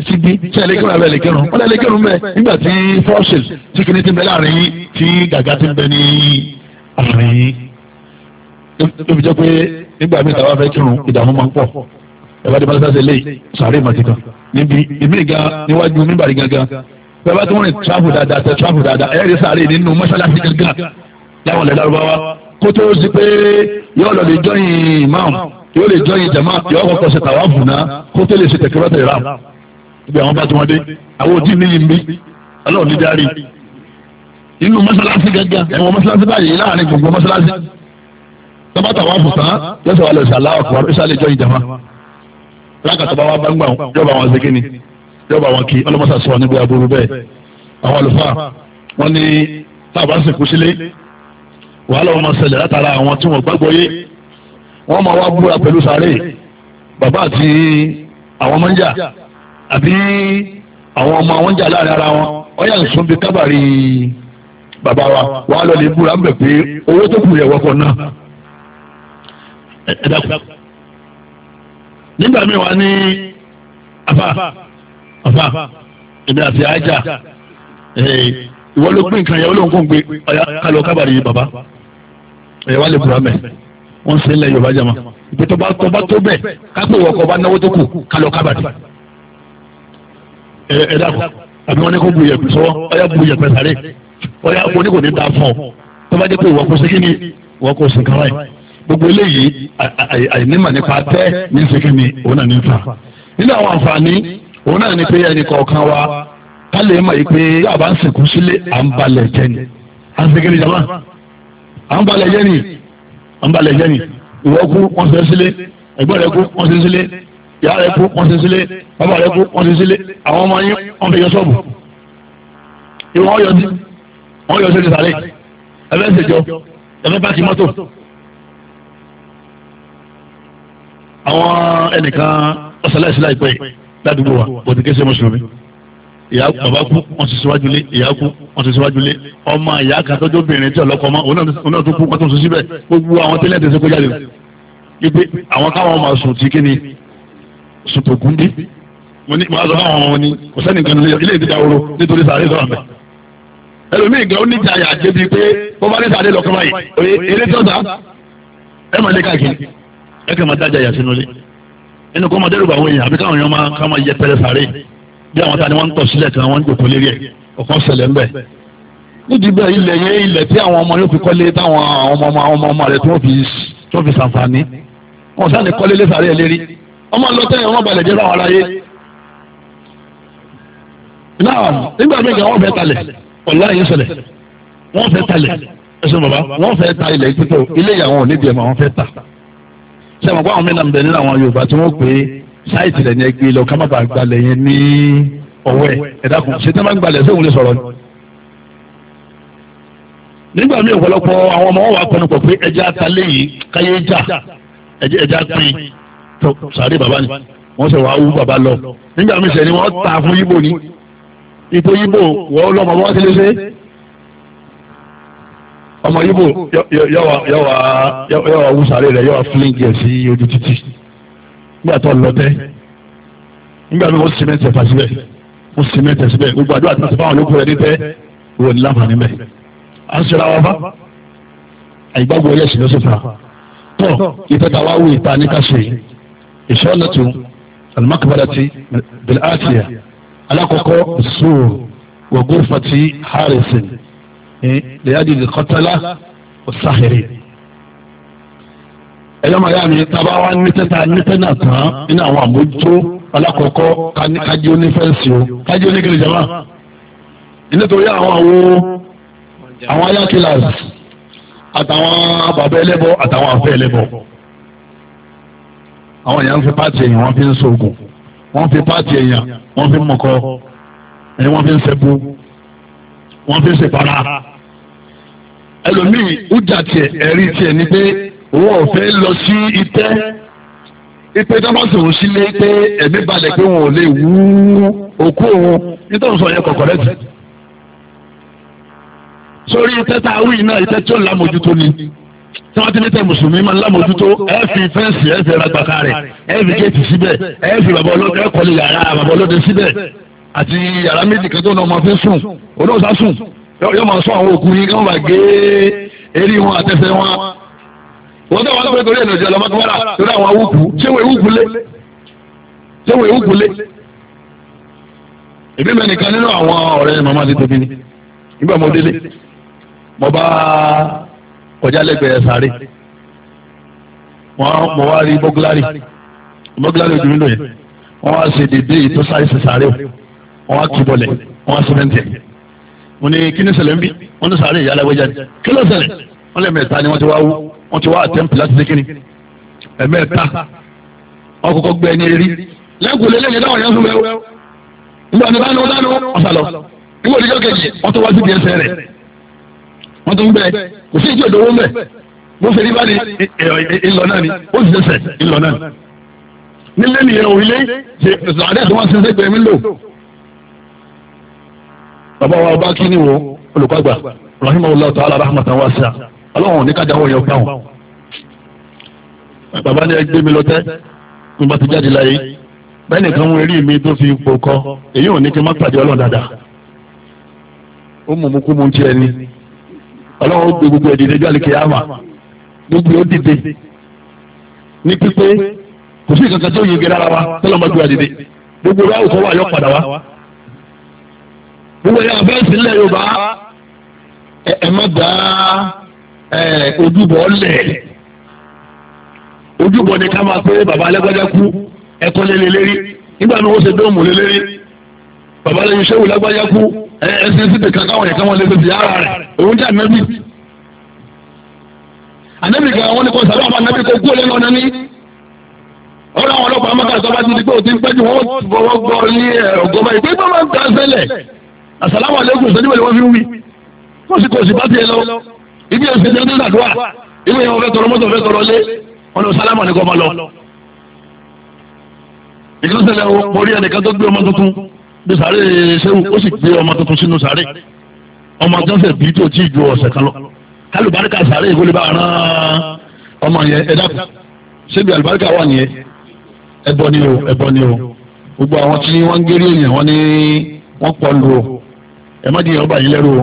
Speaker 1: síbi tí ẹ lè kírun abẹ́ lè kírun wọ́n lè kírun bẹ́ẹ̀ nígbà tí fọ́ọ̀ṣìl tí kìíní ti ń bẹ láàrin yín tí gàgà ti ń bẹ ní àárín yín. ó fi jẹ́ pé nígbà míì tàwa fẹ́ kírun ìdààmú máa ń pọ̀ ẹ̀fọ́ ti balẹ̀ sáṣẹ lé sàárè màtìkan níbi ìmí gan níwájú mímbàrí gangan bẹ́ẹ̀ bá tí wọ́n rìn tíráfù dáadáa tẹ tíráfù dáadáa ẹ̀rí sàárè nínú mọ́ṣáláṣí gangan láwọn ọ̀lẹ́ lárúbáwá kó tó sí pé yóò lọ lè jọyìn imam yóò lè jọyìn jama yóò kọ́kọ́ ṣe tàwa fùnà kó tó lè ṣe tẹ̀kẹ́rọ́tẹ̀ ram ibi àwọn bá ti wọn dé àwọn òtí níyì ń bí ọlọ́run ní dárí inú mọ́sálásí gẹ́gẹ́ ẹ̀wọ̀n mọ́sálásí báyìí láàrin gbogbo mọ́sálásí tọ́bátà wà fùtán yọ́sọ̀ wà lọ aláwọ̀ kọ́ ìsàlẹ̀ ìjọ ìjàmá lákàtà bá wà bá ń gbà yọba wọn segin ni yọba wọn kì í ọlọ́mọsà sọ níbi aburú bẹ́ẹ̀ àwọn àlùfáà wọn ní táàbà ń sìnkú sílé wàhálà wọn máa látara àwọn tí wọn gbàgbọ́ yé wọn máa wá búra pẹ̀lú sáré bàbá àti àwọn máa ń jà àbí àwọn ọmọ àwọn jà láàrin ara wọn ọyà ń sun bí kábàárì bàbá wa wà á lọ lè búra ń bẹ̀ pé owó tó kù yẹ wọ́pọ̀ náà ẹ dákun. nígbà míì wà ní afa afa ìdí àti àjà ìwọ ló gbé nǹkan yẹn ó lóun kò gbé ọyà kálọ kábàárì bàbá ẹ wà lè búra mẹ wọn ń sẹ́lẹ̀ yorùbá jama ìpè tó bá tó bẹ́ẹ̀ kápẹ́ ìwọ̀kọ̀ bá náwó tó kù kálọ kábàárì. ẹ dàkọ àbí wọn ní kó bu yẹpẹ sọwọ ọyà bu yẹpẹ sàré ọyà mo ní kò ní da fún ọ tó bá pé kò sí kíni kò sí gbogbo eléyìí àìnímọ̀ nípa tẹ́ ní sí kíni òun náà ní fa nínú àwọn àǹfààní òun náà ní pé wa ká lè mọ̀ yìí pé ń sìnkú sílé à ń jama à ń balẹ̀ jẹ́ ni à ń balẹ̀ ìyá rẹ̀ kú wọ́n ti sílé bàbá rẹ̀ kú wọ́n ti sílé àwọn ọmọ yín wọ́n fi yọ sọ́ọ̀bù ìwọ́n yọ sí wọ́n yọ sí ìsàlẹ̀ ẹ̀fẹ́ ṣèjọ ẹ̀fẹ́ pàṣẹ mọ́tò àwọn ẹnìkan ọ̀sálẹ̀ ìsìlá ìpẹ́ ládùúgbò wa kò ti kéṣe mùsùlùmí ìyá bàbá kú wọ́n ti síwájú lé ìyá kú wọ́n ti síwájú lé ọmọ ìyá kan tọ́jú obìnrin tí ọlọ́kọ gbogbo àwọn tẹ́lẹ̀ tẹ̀sẹ̀ kó jáde ibi àwọn káwọn máa sùn ti kí sùtòkúndí mo ní màá sọ fún àwọn ọmọ ni kò sẹ́ni nǹkan ilé ìdíjà oró nítorí sàárè sọ̀rọ̀ mẹ́. ẹlòmíì gan oníjà yà débi pé bó bá ní sàárè lọ́kọ́ báyìí eré tí ó ta ẹ máa lé káàkiri ẹ kàn máa dájà yà sínú ilé ẹnu kó máa dẹ́rùbà àwọn èèyàn àbí káwọn èèyàn máa ká máa yẹ pẹrẹ sàárè bí àwọn tani wọ́n ń tọ̀ sílẹ̀ kan wọ́n ń jòkó lérí ẹ̀ ọ̀kan ṣẹlẹ̀ ń bẹ̀. nídìbẹ̀ ilẹ̀ yẹn ilẹ̀ tí àwọn ọmọ yóò fi kọ́lé táwọn ọmọ ọmọ rẹ̀ tó fi sàǹfààní
Speaker 3: wọn sáà ní kọ́lé lé sàárè lérí
Speaker 1: ọmọ lọ sẹ́yìn wọn balẹ̀ jẹ́ báwọn aráyé náà nígbà míì kan wọ́n fẹ́ talẹ̀ ọ̀la yẹn sọlẹ̀ wọ́n fẹ́ talẹ̀ ẹ̀sùn bàbá wọ́n fẹ́ ta ilẹ̀ ìpínpẹ̀ ilé ìyàwó ò ní bí ẹ̀ma wọ́n fẹ́ ta sẹ́wọ̀n báwọn mẹ́ta ń bẹ nínú àwọn Yorùbá tí wọ́n pè é sáìtì rẹ̀ ní ẹgbẹ́ lọ ká má bàa gbalẹ̀ yẹn ní ọwọ́ ẹ̀ ẹ̀dá kan ṣe tẹ́ máa ń gbalẹ̀ sóhun lè sọ̀rọ̀ ni. nígbà míì ọ̀pọ̀lọpọ̀ àwọn ọmọ wọn wà pẹnupọ̀ pé ẹja ta léyìí káyé já ẹja pin tó sàárè bàbá ni wọ́n ṣe wàá wú bàbá lọ nígbà míì ṣe ni wọ́n ta fún yíbò ni ipò yíbò wọ́n lọ́mọ wọ́n ti lè ṣe ọmọ yíbò yọ wà wú sàárè rẹ̀ yọ wà fílíǹgì ẹ̀ sí ojú títì nígbà tó lọ tẹ́ nígbà míì wọ́n sìmẹ́ntì ẹ̀fà síbẹ̀ wọ́n sìmẹ́ntì ẹ̀ síbẹ̀ gbogbo àdúrà tí wọ́n ti fáwọn olókùn rẹ̀ ní tẹ́ wọ́n ní láǹfààní mẹ́ à ń ṣe ra wọn fá àìgbàgbọ́ yẹ̀ sí lọ́sọ̀fà tọ́ ìfẹ́ta wá wù ìta ní ká ṣe yìí ìṣọ́lẹ̀tù alimakabadati bilasiya alakoko zuur wagurfati harisin lẹ́yàdì lẹ́kọ́tàlá ọ̀sáhìrì. ẹ̀yọ́ màá yá mi tábà wá nítẹ́ta nítẹ́nà tán nínú àwọn àmójútó alakoko kájí onífẹ́ǹsì o kájí oníkiri jama nítorí àwọn àwo àwọn ayákilas àtàwọn bàbá àtàwọn àfẹ́ àwọn èèyàn ń fi páàtì èèyàn wọ́n fi ń sọ̀gùn wọ́n fi páàtì èèyàn wọ́n fi ń mọ̀kọ́ ẹni wọ́n fi ń sẹ́bù wọ́n fi ń ṣèpara ẹlòmíì ujà tiẹ̀ ẹ̀rí tiẹ̀ ni pé wọ́n ò fẹ́ lọ sí itẹ́ ipe dọ́lọ́sì òun sílé pé ẹ̀mí balẹ̀ pé wọn ò lè wú òkú òun nítorí sọ yẹn kọ̀kọ̀ lẹ́sìn
Speaker 3: sórí itẹ́ tá a wí náà itẹ́ tí ó lámójútó ni
Speaker 1: tí wọ́n ti ní tẹ mùsùlùmí máa ń lámòjútó ẹ fi fẹ́ǹsì ẹ fi ẹ̀rọ̀gbàkà rẹ̀ ẹ fi géètì síbẹ̀ ẹ fi bàbá ọlọ́dẹ ẹ kọ́lé yàrá bàbá ọlọ́dẹ síbẹ̀ àti yàrá méjì kan tó náà máa fi sùn olóòsà sùn yóò máa sọ àwọn òkú yín kí wọ́n bá gé eré wọn àtẹsẹ̀ wọn. wọ́n tẹ́ wọn lọ́wọ́ torí ẹ̀nà ìjọba mọ́tòmọ́ra torí àwọn awúkú ṣéwèé wúkulé ṣéwèé wúkulé ìbí kọjá lẹ́gbẹ̀ẹ́ sáré wọ́n mọ̀ wá rí mọ́gílárì mọ́gílárì ojú nílò yẹn wọ́n wá ṣe dédé tó sáré ṣe sáré o wọ́n wá kí bọ̀lẹ̀ wọ́n wá sẹ́mẹ́ntì ẹ̀ wọ́n ní kí ni ṣẹlẹ̀ ń bí wọ́n ní sáré ìyá alágbèjà ni kí ló ṣẹlẹ̀ wọ́n lè mẹ́ta ni wọ́n ti wá wú wọ́n ti wá àtẹ́ǹpì láti ṣe kíni ẹ̀mẹ́ta wọ́n kọ́kọ́ gbẹ ní eré lẹ́kùnlé lẹ́yìn náà yẹn fún mi o ìgbà ní bá ń bá ń lọ lọ ìwọ wọ́n tó ń bẹ kò sí ìjọ ìdòwò mẹ́ mo fẹ́ rí báyìí ìlọ náà ni ó sì ṣẹṣẹ ìlọ náà nílé nìyẹn òrìlé àdé tí wọ́n ti ṣe gbẹ̀mí lò. bàbá wa ọba kí ni wo olùkọ́ àgbà rahimahullah ta'ala rahmatan wasi'a ọlọ́run ní kájà wọ̀nyẹn ọ̀pá wọn. bàbá ni ẹ gbé mi lọ tẹ́ mo bá ti jáde láyé bẹ́ẹ̀ nìkan ń rí mi tó fi ipò kọ èyí ò ní kí n má pàdé ọlọ́run ọlọ́run ó gbé gbogbo ẹ̀dìdẹ́ jọ́ àlùkìyàmà gbogbo ó dìde ní pípé kò sí kankan tó yege rárá wa tọ́lọ́mọ gbé àdìdẹ́ gbogbo wa òkò wa yọ padà wa gbogbo ẹ̀yà bẹ́ẹ̀ sí ilẹ̀ Yorùbá ẹ̀ má dá ojúbọ lẹ̀ ojúbọ ni ká máa pé bàbá kú ẹ̀kọ́ lé lé lérí nígbà mi wọ́n ṣe dóòmù lé lérí bàbá lẹ́yìn iṣẹ́ ìwòlá gbáyà kú ẹsẹ̀ sí tẹ̀ka káwọn yẹn káwọn lẹ́sẹ̀ sí ara rẹ̀ òun jẹ́ ànábì. ànábì kan àwọn nìkan sàrọ̀ àwọn ànábì kan kúrò lẹ́nu ọ̀nà ní. ọ̀rọ̀ àwọn ọlọ́pàá amákàrà tó bá ti di pé òtí ń pẹ́ jù fọwọ́ gbọ́ ní ọgọ́ba ìpé tó máa ń ta sẹ́lẹ̀. àsàlámù aláìkùm sọ́jú wẹ̀lẹ̀ wọ́n fi wí. wọ́n sì kò sì bá tiẹ̀ lọ. ibi ẹ̀sìn bí sàárè sẹ́wù ó sì gbé ọmọ tuntun sínú sàárè ọmọ tó ń fẹ́ bí tó tí ì ju ọ̀sẹ̀ kan lọ kálùbáríkà sàárè kó lè bá rán ọmọ yẹn ẹ dákun ṣebí àlùbáríkà wà nìyẹn ẹbọ ni o ẹbọ ni o gbogbo àwọn tí wọ́n ń gérí èèyàn wọ́n ní wọ́n pọ̀ lu o ẹ má di ìyàwó yín lẹ́rù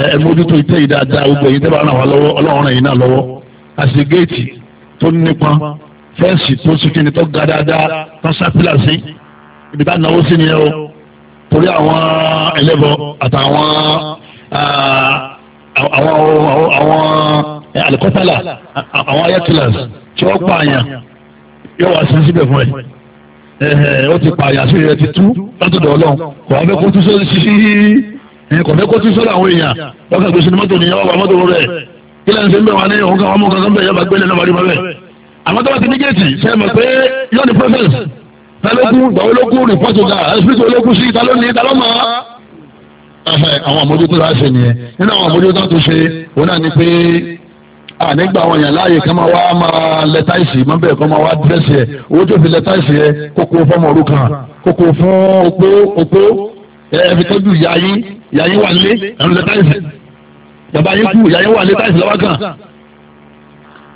Speaker 1: o ẹ mójútó ìtẹ́ yìí dáadáa gbogbo èyí tẹ́ bá ràn wá lọ́wọ́ ọlọ́run ràn yín náà lọ́wọ́ àti géètì tó nípọn fẹ́ǹsì ibi tá náwó sí nìyẹn o torí àwọn ẹlẹ́bọ àtàwọn àwọn àwọn alikọ́tàlà àwọn ayatollahs tí wọ́n pààyàn yóò wá sí síbẹ̀ fún ẹ ó ti pààyàn sí ìrẹ ti tú látọ̀dọ̀ ọlọ́run kò wá fẹ́ kó tún sórí sí kò fẹ́ kó tún sórí àwọn èèyàn lọ́kàn gbèsè ní mọ́tò nìyẹn wọ́n wà mọ́tò rẹ̀ kí lẹ́yìn tí ń bẹ̀ wá ní òun kan wọ́n mú kankan bẹ̀ yọba gbélé náà wà rí mọ́ bẹ́ẹ̀ àmọ́ tó bá ti ní géètì sẹ́yìn mọ̀ pé yọ́ọ̀ni preference tálógún gbà ológún rìpọ́tù ga ẹ̀sìpítì ológún sí tálóní tálọ́mà. àwọn àmójútó la ṣe nìyẹn nínú àwọn àmójútó tó ṣe òun náà ni pé ànígbà àwọn èèyàn láàyè kí wọ́n wá máa lẹ́táìsì máa bẹ̀rẹ̀ kí wọ́n wá dírẹ́sì ẹ̀ owó tó fi lẹ́táìsì ẹ̀ kókó fọ́mọ òrukàn kókó fún opó opó ẹ̀ẹ́dì tọ́jú yaayi yaayi wà lé ẹ̀rù lẹ́táìsì bàbá yín kú yaayi wà lé táìsì lọ́wọ́ kan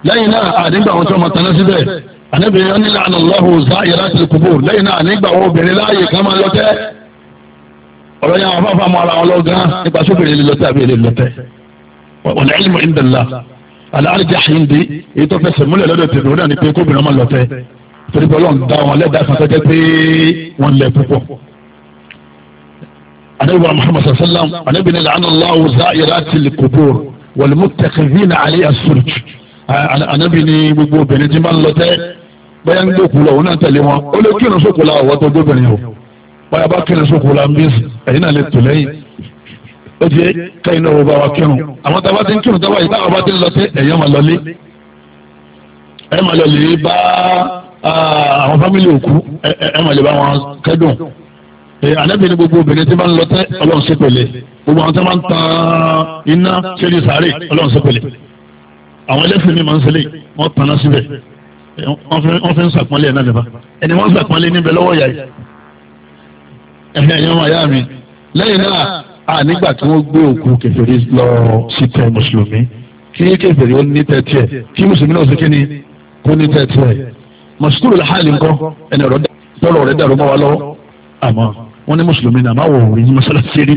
Speaker 1: lẹ́yìn náà ànígbà àwọn tí wọ́n máa taná síbẹ̀ ànábì yẹn ní lànà lọ́hùn za'iratil qubur lẹ́yìn náà nígbà wo obìnrin láàyè kan máa lọ tẹ́ ọ̀rọ̀ yẹn àwọn afáfá mọ ara wọn lọ gan nípa sóbìnrin lè lọ tẹ́ àbí lè lọ tẹ́ wal ilmu inda Allah al-arjah indi èyí tó fẹsẹ̀ múlẹ̀ lọ́dọ̀ tẹ̀lé wọn náà ni pé kóbìnrin máa lọ tẹ́ torí pé ọlọ́run dá wọn lẹ́dàá kan tẹ́tẹ́ pé wọ́n lẹ púpọ̀ ànábì Muhammad sallam ànábì ní lànà lọ́hùn za'iratil qubur wal muttakhidhina 'alayha anabi ni gbogbo obìnrin tí máa ń lọ tẹ́ bóyá ń gbòkú lọ òun náà tẹ̀lé wọn ó lè kírun sóko la ọ̀wọ́ tó gbóbìnrin o bóyá bá kírun sóko la ń bí ẹ̀yin náà lè tò lẹ́yìn ó di kẹ́yìn náà wo bá wa kírun àwọn tá a bá ti ń kírun tá a bá yìí táwọn bá ti ń lọ tẹ́ ẹ̀yin máa lọ lé ẹ̀ máa lọ lè bá àwọn fámìlì òkú ẹ̀ máa lè bá wọn kẹ́dùn anabi ni gbogbo obìnrin tí máa ń lọ tẹ́ ọlọ́run ṣépèlé gbogbo àwọn tí wọ́n máa ń tan iná ṣe àwọn ẹlẹ́sìn mi máa ń ṣẹlẹ̀ wọ́n tanná síbẹ̀ wọ́n fẹ́ ń sàpọ́nlé ẹ̀ náà nípa ẹni wọ́n sàpọ́nlé níbẹ̀ lọ́wọ́ ìyá yìí ẹ̀fẹ́ ẹ̀yẹ́ wọn àyá mi lẹ́yìn náà a nígbà tí wọ́n gbé òkú kẹfẹ́rí lọ sí tẹ mùsùlùmí kí kẹfẹ́rí ó ní tẹ́tí ẹ̀ kí mùsùlùmí náà sì kí ni kó ní tẹ́tí ẹ̀
Speaker 3: mùsùlùmí làhálì ńkọ́
Speaker 1: ẹni ọ̀rọ̀ tọ́lọ̀ rẹ̀ dàrú mọ́ wa lọ́wọ́ àmọ́ wọ́n ní mùsùlùmí náà máa wọ̀ òun yìí mọ́sálásí rí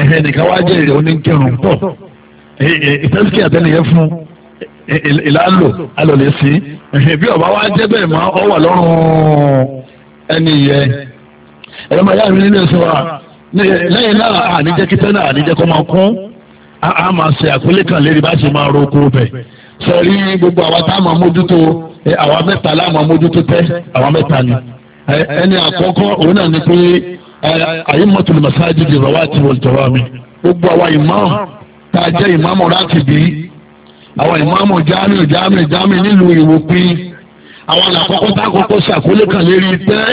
Speaker 1: ẹ̀hẹ́ nìkan wá jẹ́ ìrẹ̀ oníkẹrùn Eh, eh, ìtẹ́síkì àtẹnìyẹ fún eh, ìlàlò alòlè sí bí ọba wa jẹ́ bẹ́ẹ̀ máa ọ wà lọ́rùn ẹni yẹ ẹ̀rọ máa yá mi nínú ẹ̀sìn wa
Speaker 3: lẹ́yìn náà àníjẹ́ kíkẹ́ náà àníjẹ́ kọ́ máa
Speaker 1: kún a máa ṣe àpélé kan lérí bá ṣe máa roko bẹ̀ sọ̀rí gbogbo àwa tá a máa mójútó àwa mẹ́ta la máa mójútó tẹ́ àwa mẹ́ta ni ẹni àkọ́kọ́ òun náà ni pé àyè mọ́tò lè mọ̀ sáájú di rọwà àti wọ̀lùtọ̀wà mi gbogbo àwa ìmáàmù tá a jẹ́ ìmáàmù rákìbí àwọn ìmáàmù jámì jámì jámì nílùú ìwòpin àwọn àlàkọ́kọ́ tá a kọ́kọ́ ṣàkólé kan lérí tẹ́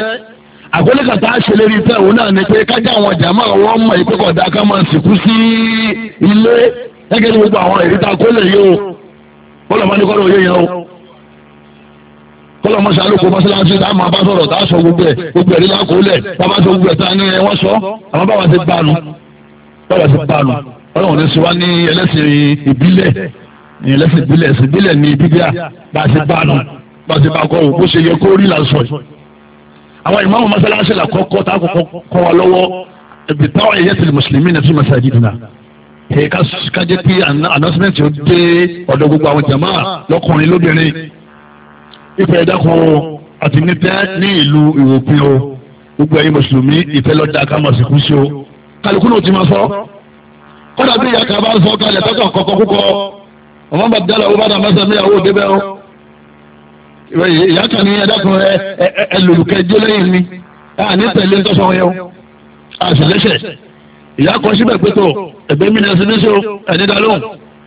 Speaker 1: àkólé kan tá a ṣe lérí tẹ́ òun náà ni pé kájà àwọn jàmáà wọ́n mọ̀ ìpẹ́kọ̀dá ká máa sìnkú sí ilé gẹ́gẹ́ ní gbogbo àwọn èrè tá a kólé yìí o kọlọmọ ní kọlọmọ yẹn o kọlọmọ sàlùkù mọ́sálásí tá a máa bá sọ̀rọ̀ tá a sọ gbogbo ẹ̀ gbogbo ẹ̀rí lákòólẹ̀ bá a bá sọ gbogbo ẹ̀ tá a ní ẹ ọlọ́run ní sọ́wọ́ ní ẹlẹ́sìn ìbílẹ̀ ní ẹlẹ́sìn ìbílẹ̀ ẹ̀sìn ìbílẹ̀ ní bíbíà bá a ti bá a nù bá a ti bá a kọ́ ò bó ṣe yẹ kó rí làásọ̀ yìí. àwọn ìmáàmù mọ́sálásí là kọ́kọ́ tá a kọ́kọ́ kọ́ wa lọ́wọ́ ibi táwọn ẹ̀yẹ́ ti mùsùlùmí náà fi masajidina. ẹ̀ ká jẹ́ kí announcement yóò dé ọ̀dọ̀ gbogbo àwọn jàmá lọ́kùnrin lóbìnrin. ìfẹ́ ẹ̀dá kan àti nítẹ́ ní ìlú ìwòpin o gbogbo ẹ̀yin mùsùlùmí ìfẹ́ lọ́dà ká mọ̀ sí kú sí o kálukú náà ti máa sọ kọ́dà bí ìyá kan bá sọ kalẹ̀ tọ́kàn kọ̀kọ́ kúkọ́ ọmọ bá dálà owó bá dà mọ́sán mi àwọn òde bẹ́ẹ̀ o ìyá kan ní ẹ̀dákun ẹ ẹ lòlùkẹ́ jẹ́ lẹ́yìn mi àní tẹ̀lé tọ́sán yẹn o àṣìlẹ́sẹ̀ ìyá kan síbẹ̀ pé tó ẹ̀bẹ́ mi náà ṣiṣẹ́ o ẹ̀ní dá lóhùn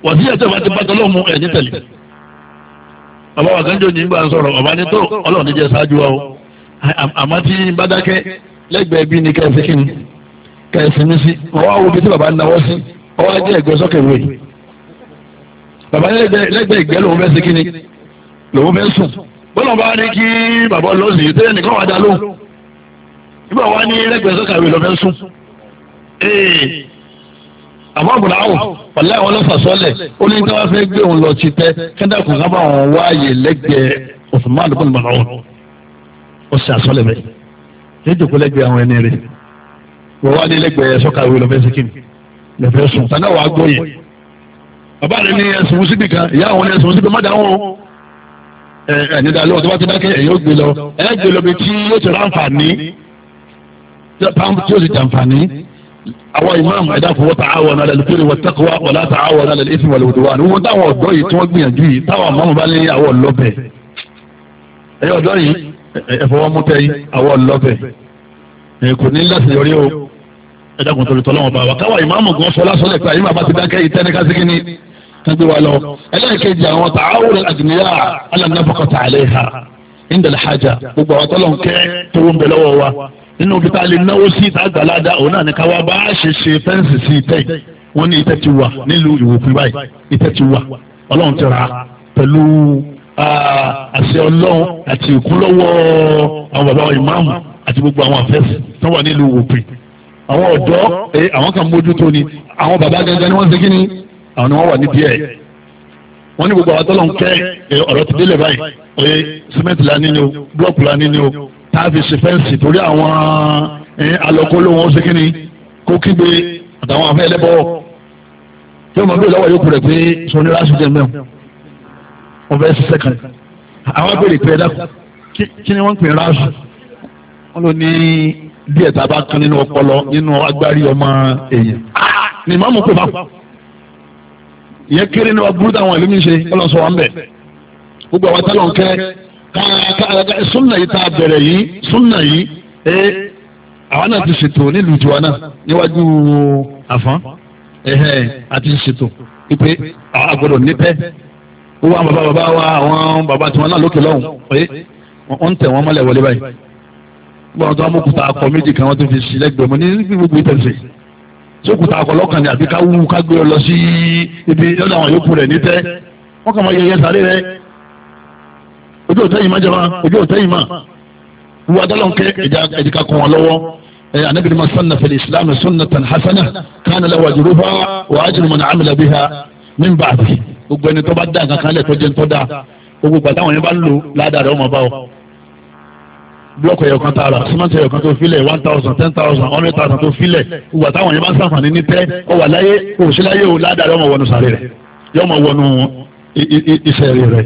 Speaker 1: wà sí ẹ̀sẹ̀ bá ti bá tọ́lọ́ mu ẹ̀ní tẹ̀lé bàbá wa kan jò ní gbà sọ̀rọ̀ bàbá ní tó ọlọ́run jẹ́ ṣáájú wa o àmọ́ tí bá dákẹ́ lẹ́gbẹ̀ẹ́ bí ni kẹ́ẹ̀sì kí ni kẹ́ẹ̀sì mi sí wọ́n wá wo bí tí bàbá náwó sí ọwọ́ ajé ẹ̀gbẹ́ sọ́kẹ̀ wé bàbá lẹ́gbẹ̀ẹ́ ìgbẹ́ lòun fẹ́ ṣe kíni lòun fẹ́ sùn bọ́lá bá ní kí bàbá lọ́sì yìí tẹ́lẹ̀ nìkan wà dá lóhùn nígbà wá ní lẹ́gbẹ̀ẹ́ sọ́kẹ̀ wé lọ́fẹ́ sùn ee àmọ́ àbùdá àwò wàlá àwọn ọlọ́sàsọ́lẹ̀ ó ní kí wọ́n fẹ́ gbé òun lọ ti tẹ́ kẹ́ńdàkùn ká bá wọn wáyè lẹ́gbẹ̀ẹ́ Usman bin Mas'ud ó sì àsọ́lẹ̀ bẹ́ẹ̀ yéjòkó lẹ́gbẹ̀ẹ́ àwọn ẹni rẹ̀ wọ́n wá ní lẹ́gbẹ̀ẹ́ sọ́kàwé lọ́fẹ́ síkìmù lẹ́fẹ̀ẹ́ sùn tani àwọn agbó yẹn bàbá rẹ ní ẹsùn wúsí bìkan ìyá àwọn ní ẹsùn wúsí bìkan má dáhùn ẹ ẹni dá lọ́wọ́ tó bá ti dákẹ́ ẹ̀yìn ó gbé lọ ẹ gbé lọ bí tí yóò ti ráǹfààní tí yóò ti jàǹfààní àwọn ìmáàmù ẹ̀dá fowó ta'awanu 'ala al-birri wat-taqwa wa la ta'awanu 'ala al-ithmi wal-'udwan wọn táwọn ọ̀dọ́ yìí tí wọ́n gbìyànjú yìí táwọn àmọ́ bá lé àwọn ọlọ́bẹ̀ ẹ̀yọ́ ọ̀dọ́ yìí ẹ̀fọwọ́mútẹ́ yìí àwọn ọlọ́bẹ̀ kò ní láti yọrí o ẹ̀dàkùn tó lè tọ́ lọ́wọ́ bá wa káwa ìmáàmù gan sọ lásán lẹ́pẹ́ àyè bàbá ti dákẹ́ yìí tẹ́ni kásìkì ni kájú wa lọ ẹlẹ́ẹ̀kejì àwọn tààwùrẹ̀ àdìníyà alànàfọkọ̀tà àlẹ́hà ìndàlẹ̀ hajà gbogbo àwọn tọ́lọ̀ ń kẹ́ tó ń bẹ lọ́wọ́ wa nínú bí táà lè náwó sí ìta àgbàládá òun náà ní káwa bá ṣe ṣe fẹ́ǹsì sí ìtẹ́ wọn ní ìtẹ́ ti wà nílùú ìwòkun báyìí ìtẹ́ ti wà ọlọ́run ti ra pẹ̀lú àṣẹ ọlọ́run àti ìkúnlọ́wọ́ àwọn bàbá ìmáàmù àti gbogbo àwọn àfẹ́sì tó wà nílùú ìwòkun
Speaker 3: àwọn ọ̀dọ́ eh, àwọn kan
Speaker 1: mójútó ni àwọn bàbá gangan ni wọ́n ṣe kí ni àwọn ni wọ́n wà nídìí ẹ̀ wọ́n ní gbogbo àwọn tọ́lọ̀ ń kẹ́ eh, ọ̀rọ̀ ti délẹ̀ báyìí oye cement la ní ni block la ní ni o táàbì ṣe fẹ́ǹsì torí àwọn eh, alọ́kóló wọn ṣe kí ni kó kígbe àtàwọn afẹ́ ẹlẹ́bọ̀ tí wọ́n máa bèèrè lọ́wọ́ yòókù rẹ̀ pé sọ ní láti jẹ mẹ́wọ̀n wọ́n fẹ́ ṣiṣẹ́ kan àwọn abèrè pé ẹ dákun kí ni wọ́n ń pè ráṣù wọ́n lò ní díẹ̀ tá a bá kan nínú ọpọlọ nínú agbárí ọmọ èèyàn ni màmú kò bá ìyẹn kéré ní wa burú táwọn ìlú mi ṣe ọlọ́sọ wa ń bẹ̀ gbogbo àwọn tálọ̀ ń kẹ́ súnà yìí tá a bẹ̀rẹ̀ yìí súnà yìí ẹ àwọn náà ti ṣètò nílùú tiwa náà níwájú àfọ́n ẹ̀hẹ́ àti ṣètò pípé àwọn agbọ́dọ̀ nípẹ́ ó bàbá bàbá wa àwọn bàbá tiwọn náà lókè lọ́hùn pé wọ́n ń tẹ̀ wọ́n mọ́lẹ̀ wọlé báyìí gbọ́dọ̀ tó amókúta akọ méjì kan wọ́n ti fi sí lẹ́gbẹ̀ẹ́ mọ́ ní gbogbo ìtẹ̀sẹ̀ sókúta akọ lọ́kàn ni àbí ká wú ká gbé ọ lọ sí ibi lọ́dọ̀ àwọn yòókù rẹ̀ ní tẹ́ wọ́n kàn máa yẹyẹ sáré rẹ̀ ojú òtẹ́ yìí má jẹ́ wọn ojú òtẹ́ yìí má wú adọ́lọ́nkẹ́ ẹ̀dìkà kan wọn lọ́wọ́ النبي ما سن في الإسلام سنة حسنة كان له أجرها وأجر من عمل بها من بعده gbogbo ẹni tó bá dá nǹkan kan lẹ̀ tó jẹ́ ń tó dáa gbogbo blọọkù ẹyọ kan tààrà símẹ́ǹtì ẹyọ kan tó filẹ̀ one thousand ten thousand hundred thousand tó filẹ̀ ìgbà táwọn yẹn bá ń sàǹfààní ní tẹ́ ọ wà láyé òṣìláyé ò ládàá yọmọ wọnú sàré rẹ yọmọ wọnú ìṣẹ̀rí rẹ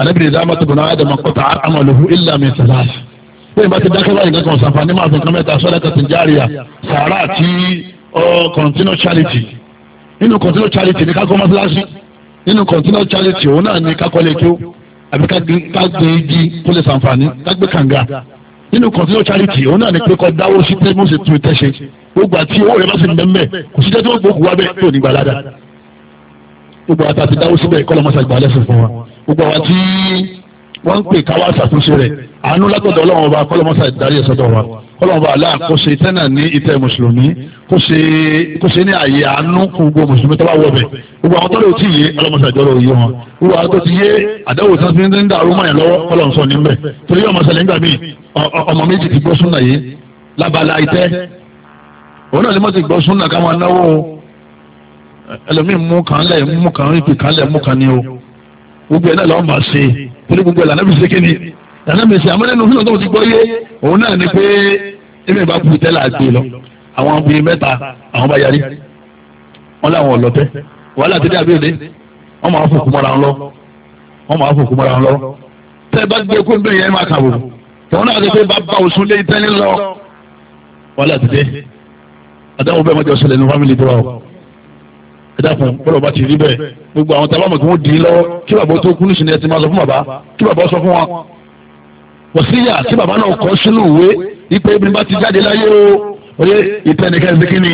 Speaker 1: anábìrì dáhùn tó gbọ̀nà àdàmà kọ́tà àmàlùfù ilà mi sàlàs bẹ́ẹ̀ bá ti dákẹ́ báyìí kankan sàǹfààní máa fi kọ́mẹ́ta sọ́dọ̀kẹ́tì járíà sàrà àti continue charity
Speaker 3: nínú continue charity ní kákọ́ mọ́sálásí
Speaker 1: nínú continue charity òun náà ní kákọ́ lẹ́kẹ́ àbí ká gbé igi kó lè sàǹfààní ká gbé kànga nínú continue charity òun náà ni pé kọ́ dáwọ́ sí tẹ́ mọ́sẹ̀ tún tẹ́ ṣe gbogbo àti owó rẹ̀ bá sì ń bẹ́ẹ̀ kò sí tẹ́tí wọ́n gbogbo wa bẹ́ẹ̀ tó nígbà ládàá gbogbo àti àti dáwọ́ síbẹ̀ kọ́ lọ́mọ́sá gbà lẹ́sìn fún wa gbogbo àwọn tí wọ́n ń pè káwá ṣàtúnṣe rẹ̀ àánú látọ̀dọ̀ ọlọ́run ọba kọ́ lọ́mọ́sá ìdarí ẹ̀sọ́dọ̀ wa kọlọ́ọ̀bà aláà kó ṣe tẹ́nà ní ìtẹ́ mùsùlùmí kó ṣe ní àyè àánú kó gbogbo mùsùlùmí tó bá wọ bẹ̀ gbogbo àwọn tó lè tí yé ọlọ́mọṣàjọ́ lọ yé wọn gbogbo àwọn tó ti yé àdáwò tí wọ́n fi ń dàrú mọ́ ẹ̀ lọ́wọ́ kọlọ́ọ̀ sọ níbẹ̀ torí ọmọ ṣẹlẹ̀ nígbà míì ọmọ méjì ti gbọ́ súnà yìí lábala ìtẹ́ òun náà ni. mọ́ ti gbọ́ súnà ká máa náwó ẹlòmíì mú kan lẹ̀ mú kan rí nana mèsì àmọ́ nínú fúnà tó ti gbọ́ yé òun náà ni pé ẹ̀mí ìbá kú tẹ́lẹ̀ àgbè lọ àwọn obìnrin mẹ́ta àwọn bá yarí wọn láwọn ọ̀lọ́tẹ́ wàhálà ti dé àbíòde wọn máa fòkú mọ́ra wọn lọ wọn máa fòkú mọ́ra wọn lọ tẹ́ bá gbé kó bẹ́ẹ̀ yẹn máa kàwé wọn náà ti pé bá bá òsùn lé tẹ́lẹ̀ lọ wàhálà ti àdáwọ̀ bẹ́ẹ̀ mọ́jọ sílẹ̀ ní fámìlì tó bá ti rí bẹ́ẹ̀ gbogbo àwọn tábàmọ̀ kí wọ́n dì í kí bàbá tó kú nísìnyí ẹ máa sọ fún bàbá kí bàbá sọ fún wọn wọ́síyà tí bàbá náà kọ́ sínú ìwé ipe ibi bá ti jáde láyé o oye ìtẹnikẹ́ni kíni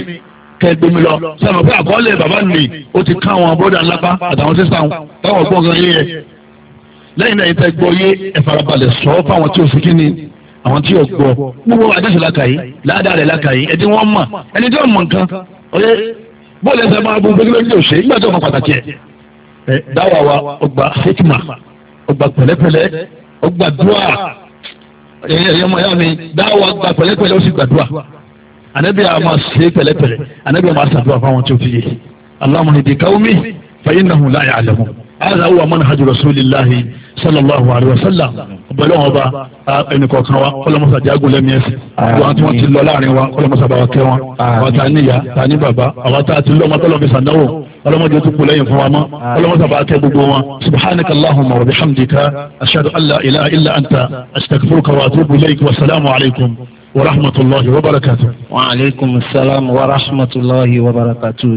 Speaker 1: kẹgbẹ́ mi lọ sẹ́nu pé àkọọ́lẹ̀ bàbá nì ó ti ká àwọn abọ́dà ńlápá àtàwọn sísá wọn táwọn ọgbọ́n kan yé yẹ lẹ́yìn náà ìtẹ́ gbọ́ yé ẹ farabalẹ̀ sọ fáwọn tí o fi kíni àwọn tí o gbọ́ gbogbo àdéhùn làkàyè ládàá rẹ̀ làkàyè ẹni wọ́n mọ̀ ẹni tí wọ́n mọ̀ nǹkan oye bóòlù ẹsẹ̀ máa bu gbégbé ní òṣè nígbà tó mọ̀ pàtàkì ẹ̀ dáwà wa ọgbà hikma ọgbà pẹ̀lẹ́pẹ̀lẹ́ ọgbà dùà ẹ̀yẹ́ ọmọ yá mi dáwọ́ gba pẹ̀lẹ́pẹ̀lẹ́ ó sì gbàdúrà ànábì àmà ṣe pẹ̀lẹ́pẹ̀lẹ́ ànábì àmà ṣàdúrà fáwọn tí ó fi yé Allahumma hidi qaumi fa innahum la ya'lamun hadha huwa manhaju rasulillahi sallallahu alayhi wa sallam ọ̀bẹ̀lẹ̀ wọn bá ẹnìkọ̀ọ̀kan wa ọlọ́mọṣà jágùn lẹ́mí ẹ̀sìn wọn tí wọ́n ti lọ láàrin wa ọlọ́mọṣà bá wa kẹ́ wọn àwọn tá a níyà tá a ní bàbá àwọn tá a ti lọ́mọ tọ́lọ́ fi sàdáwò ọlọ́mọdé tó kù lẹ́yìn fún wa mọ́ ọlọ́mọdé bá kẹ́ gbogbo wọn subhanaka allahumma wa bihamdika ashhadu an la ilaha illa anta astaghfiruka wa atubu ilayk wa salaamu alaykum wa rahmatulahi wa barakatuh. wa aleykum salaam wa
Speaker 2: rahmatulahi wa barakatuh.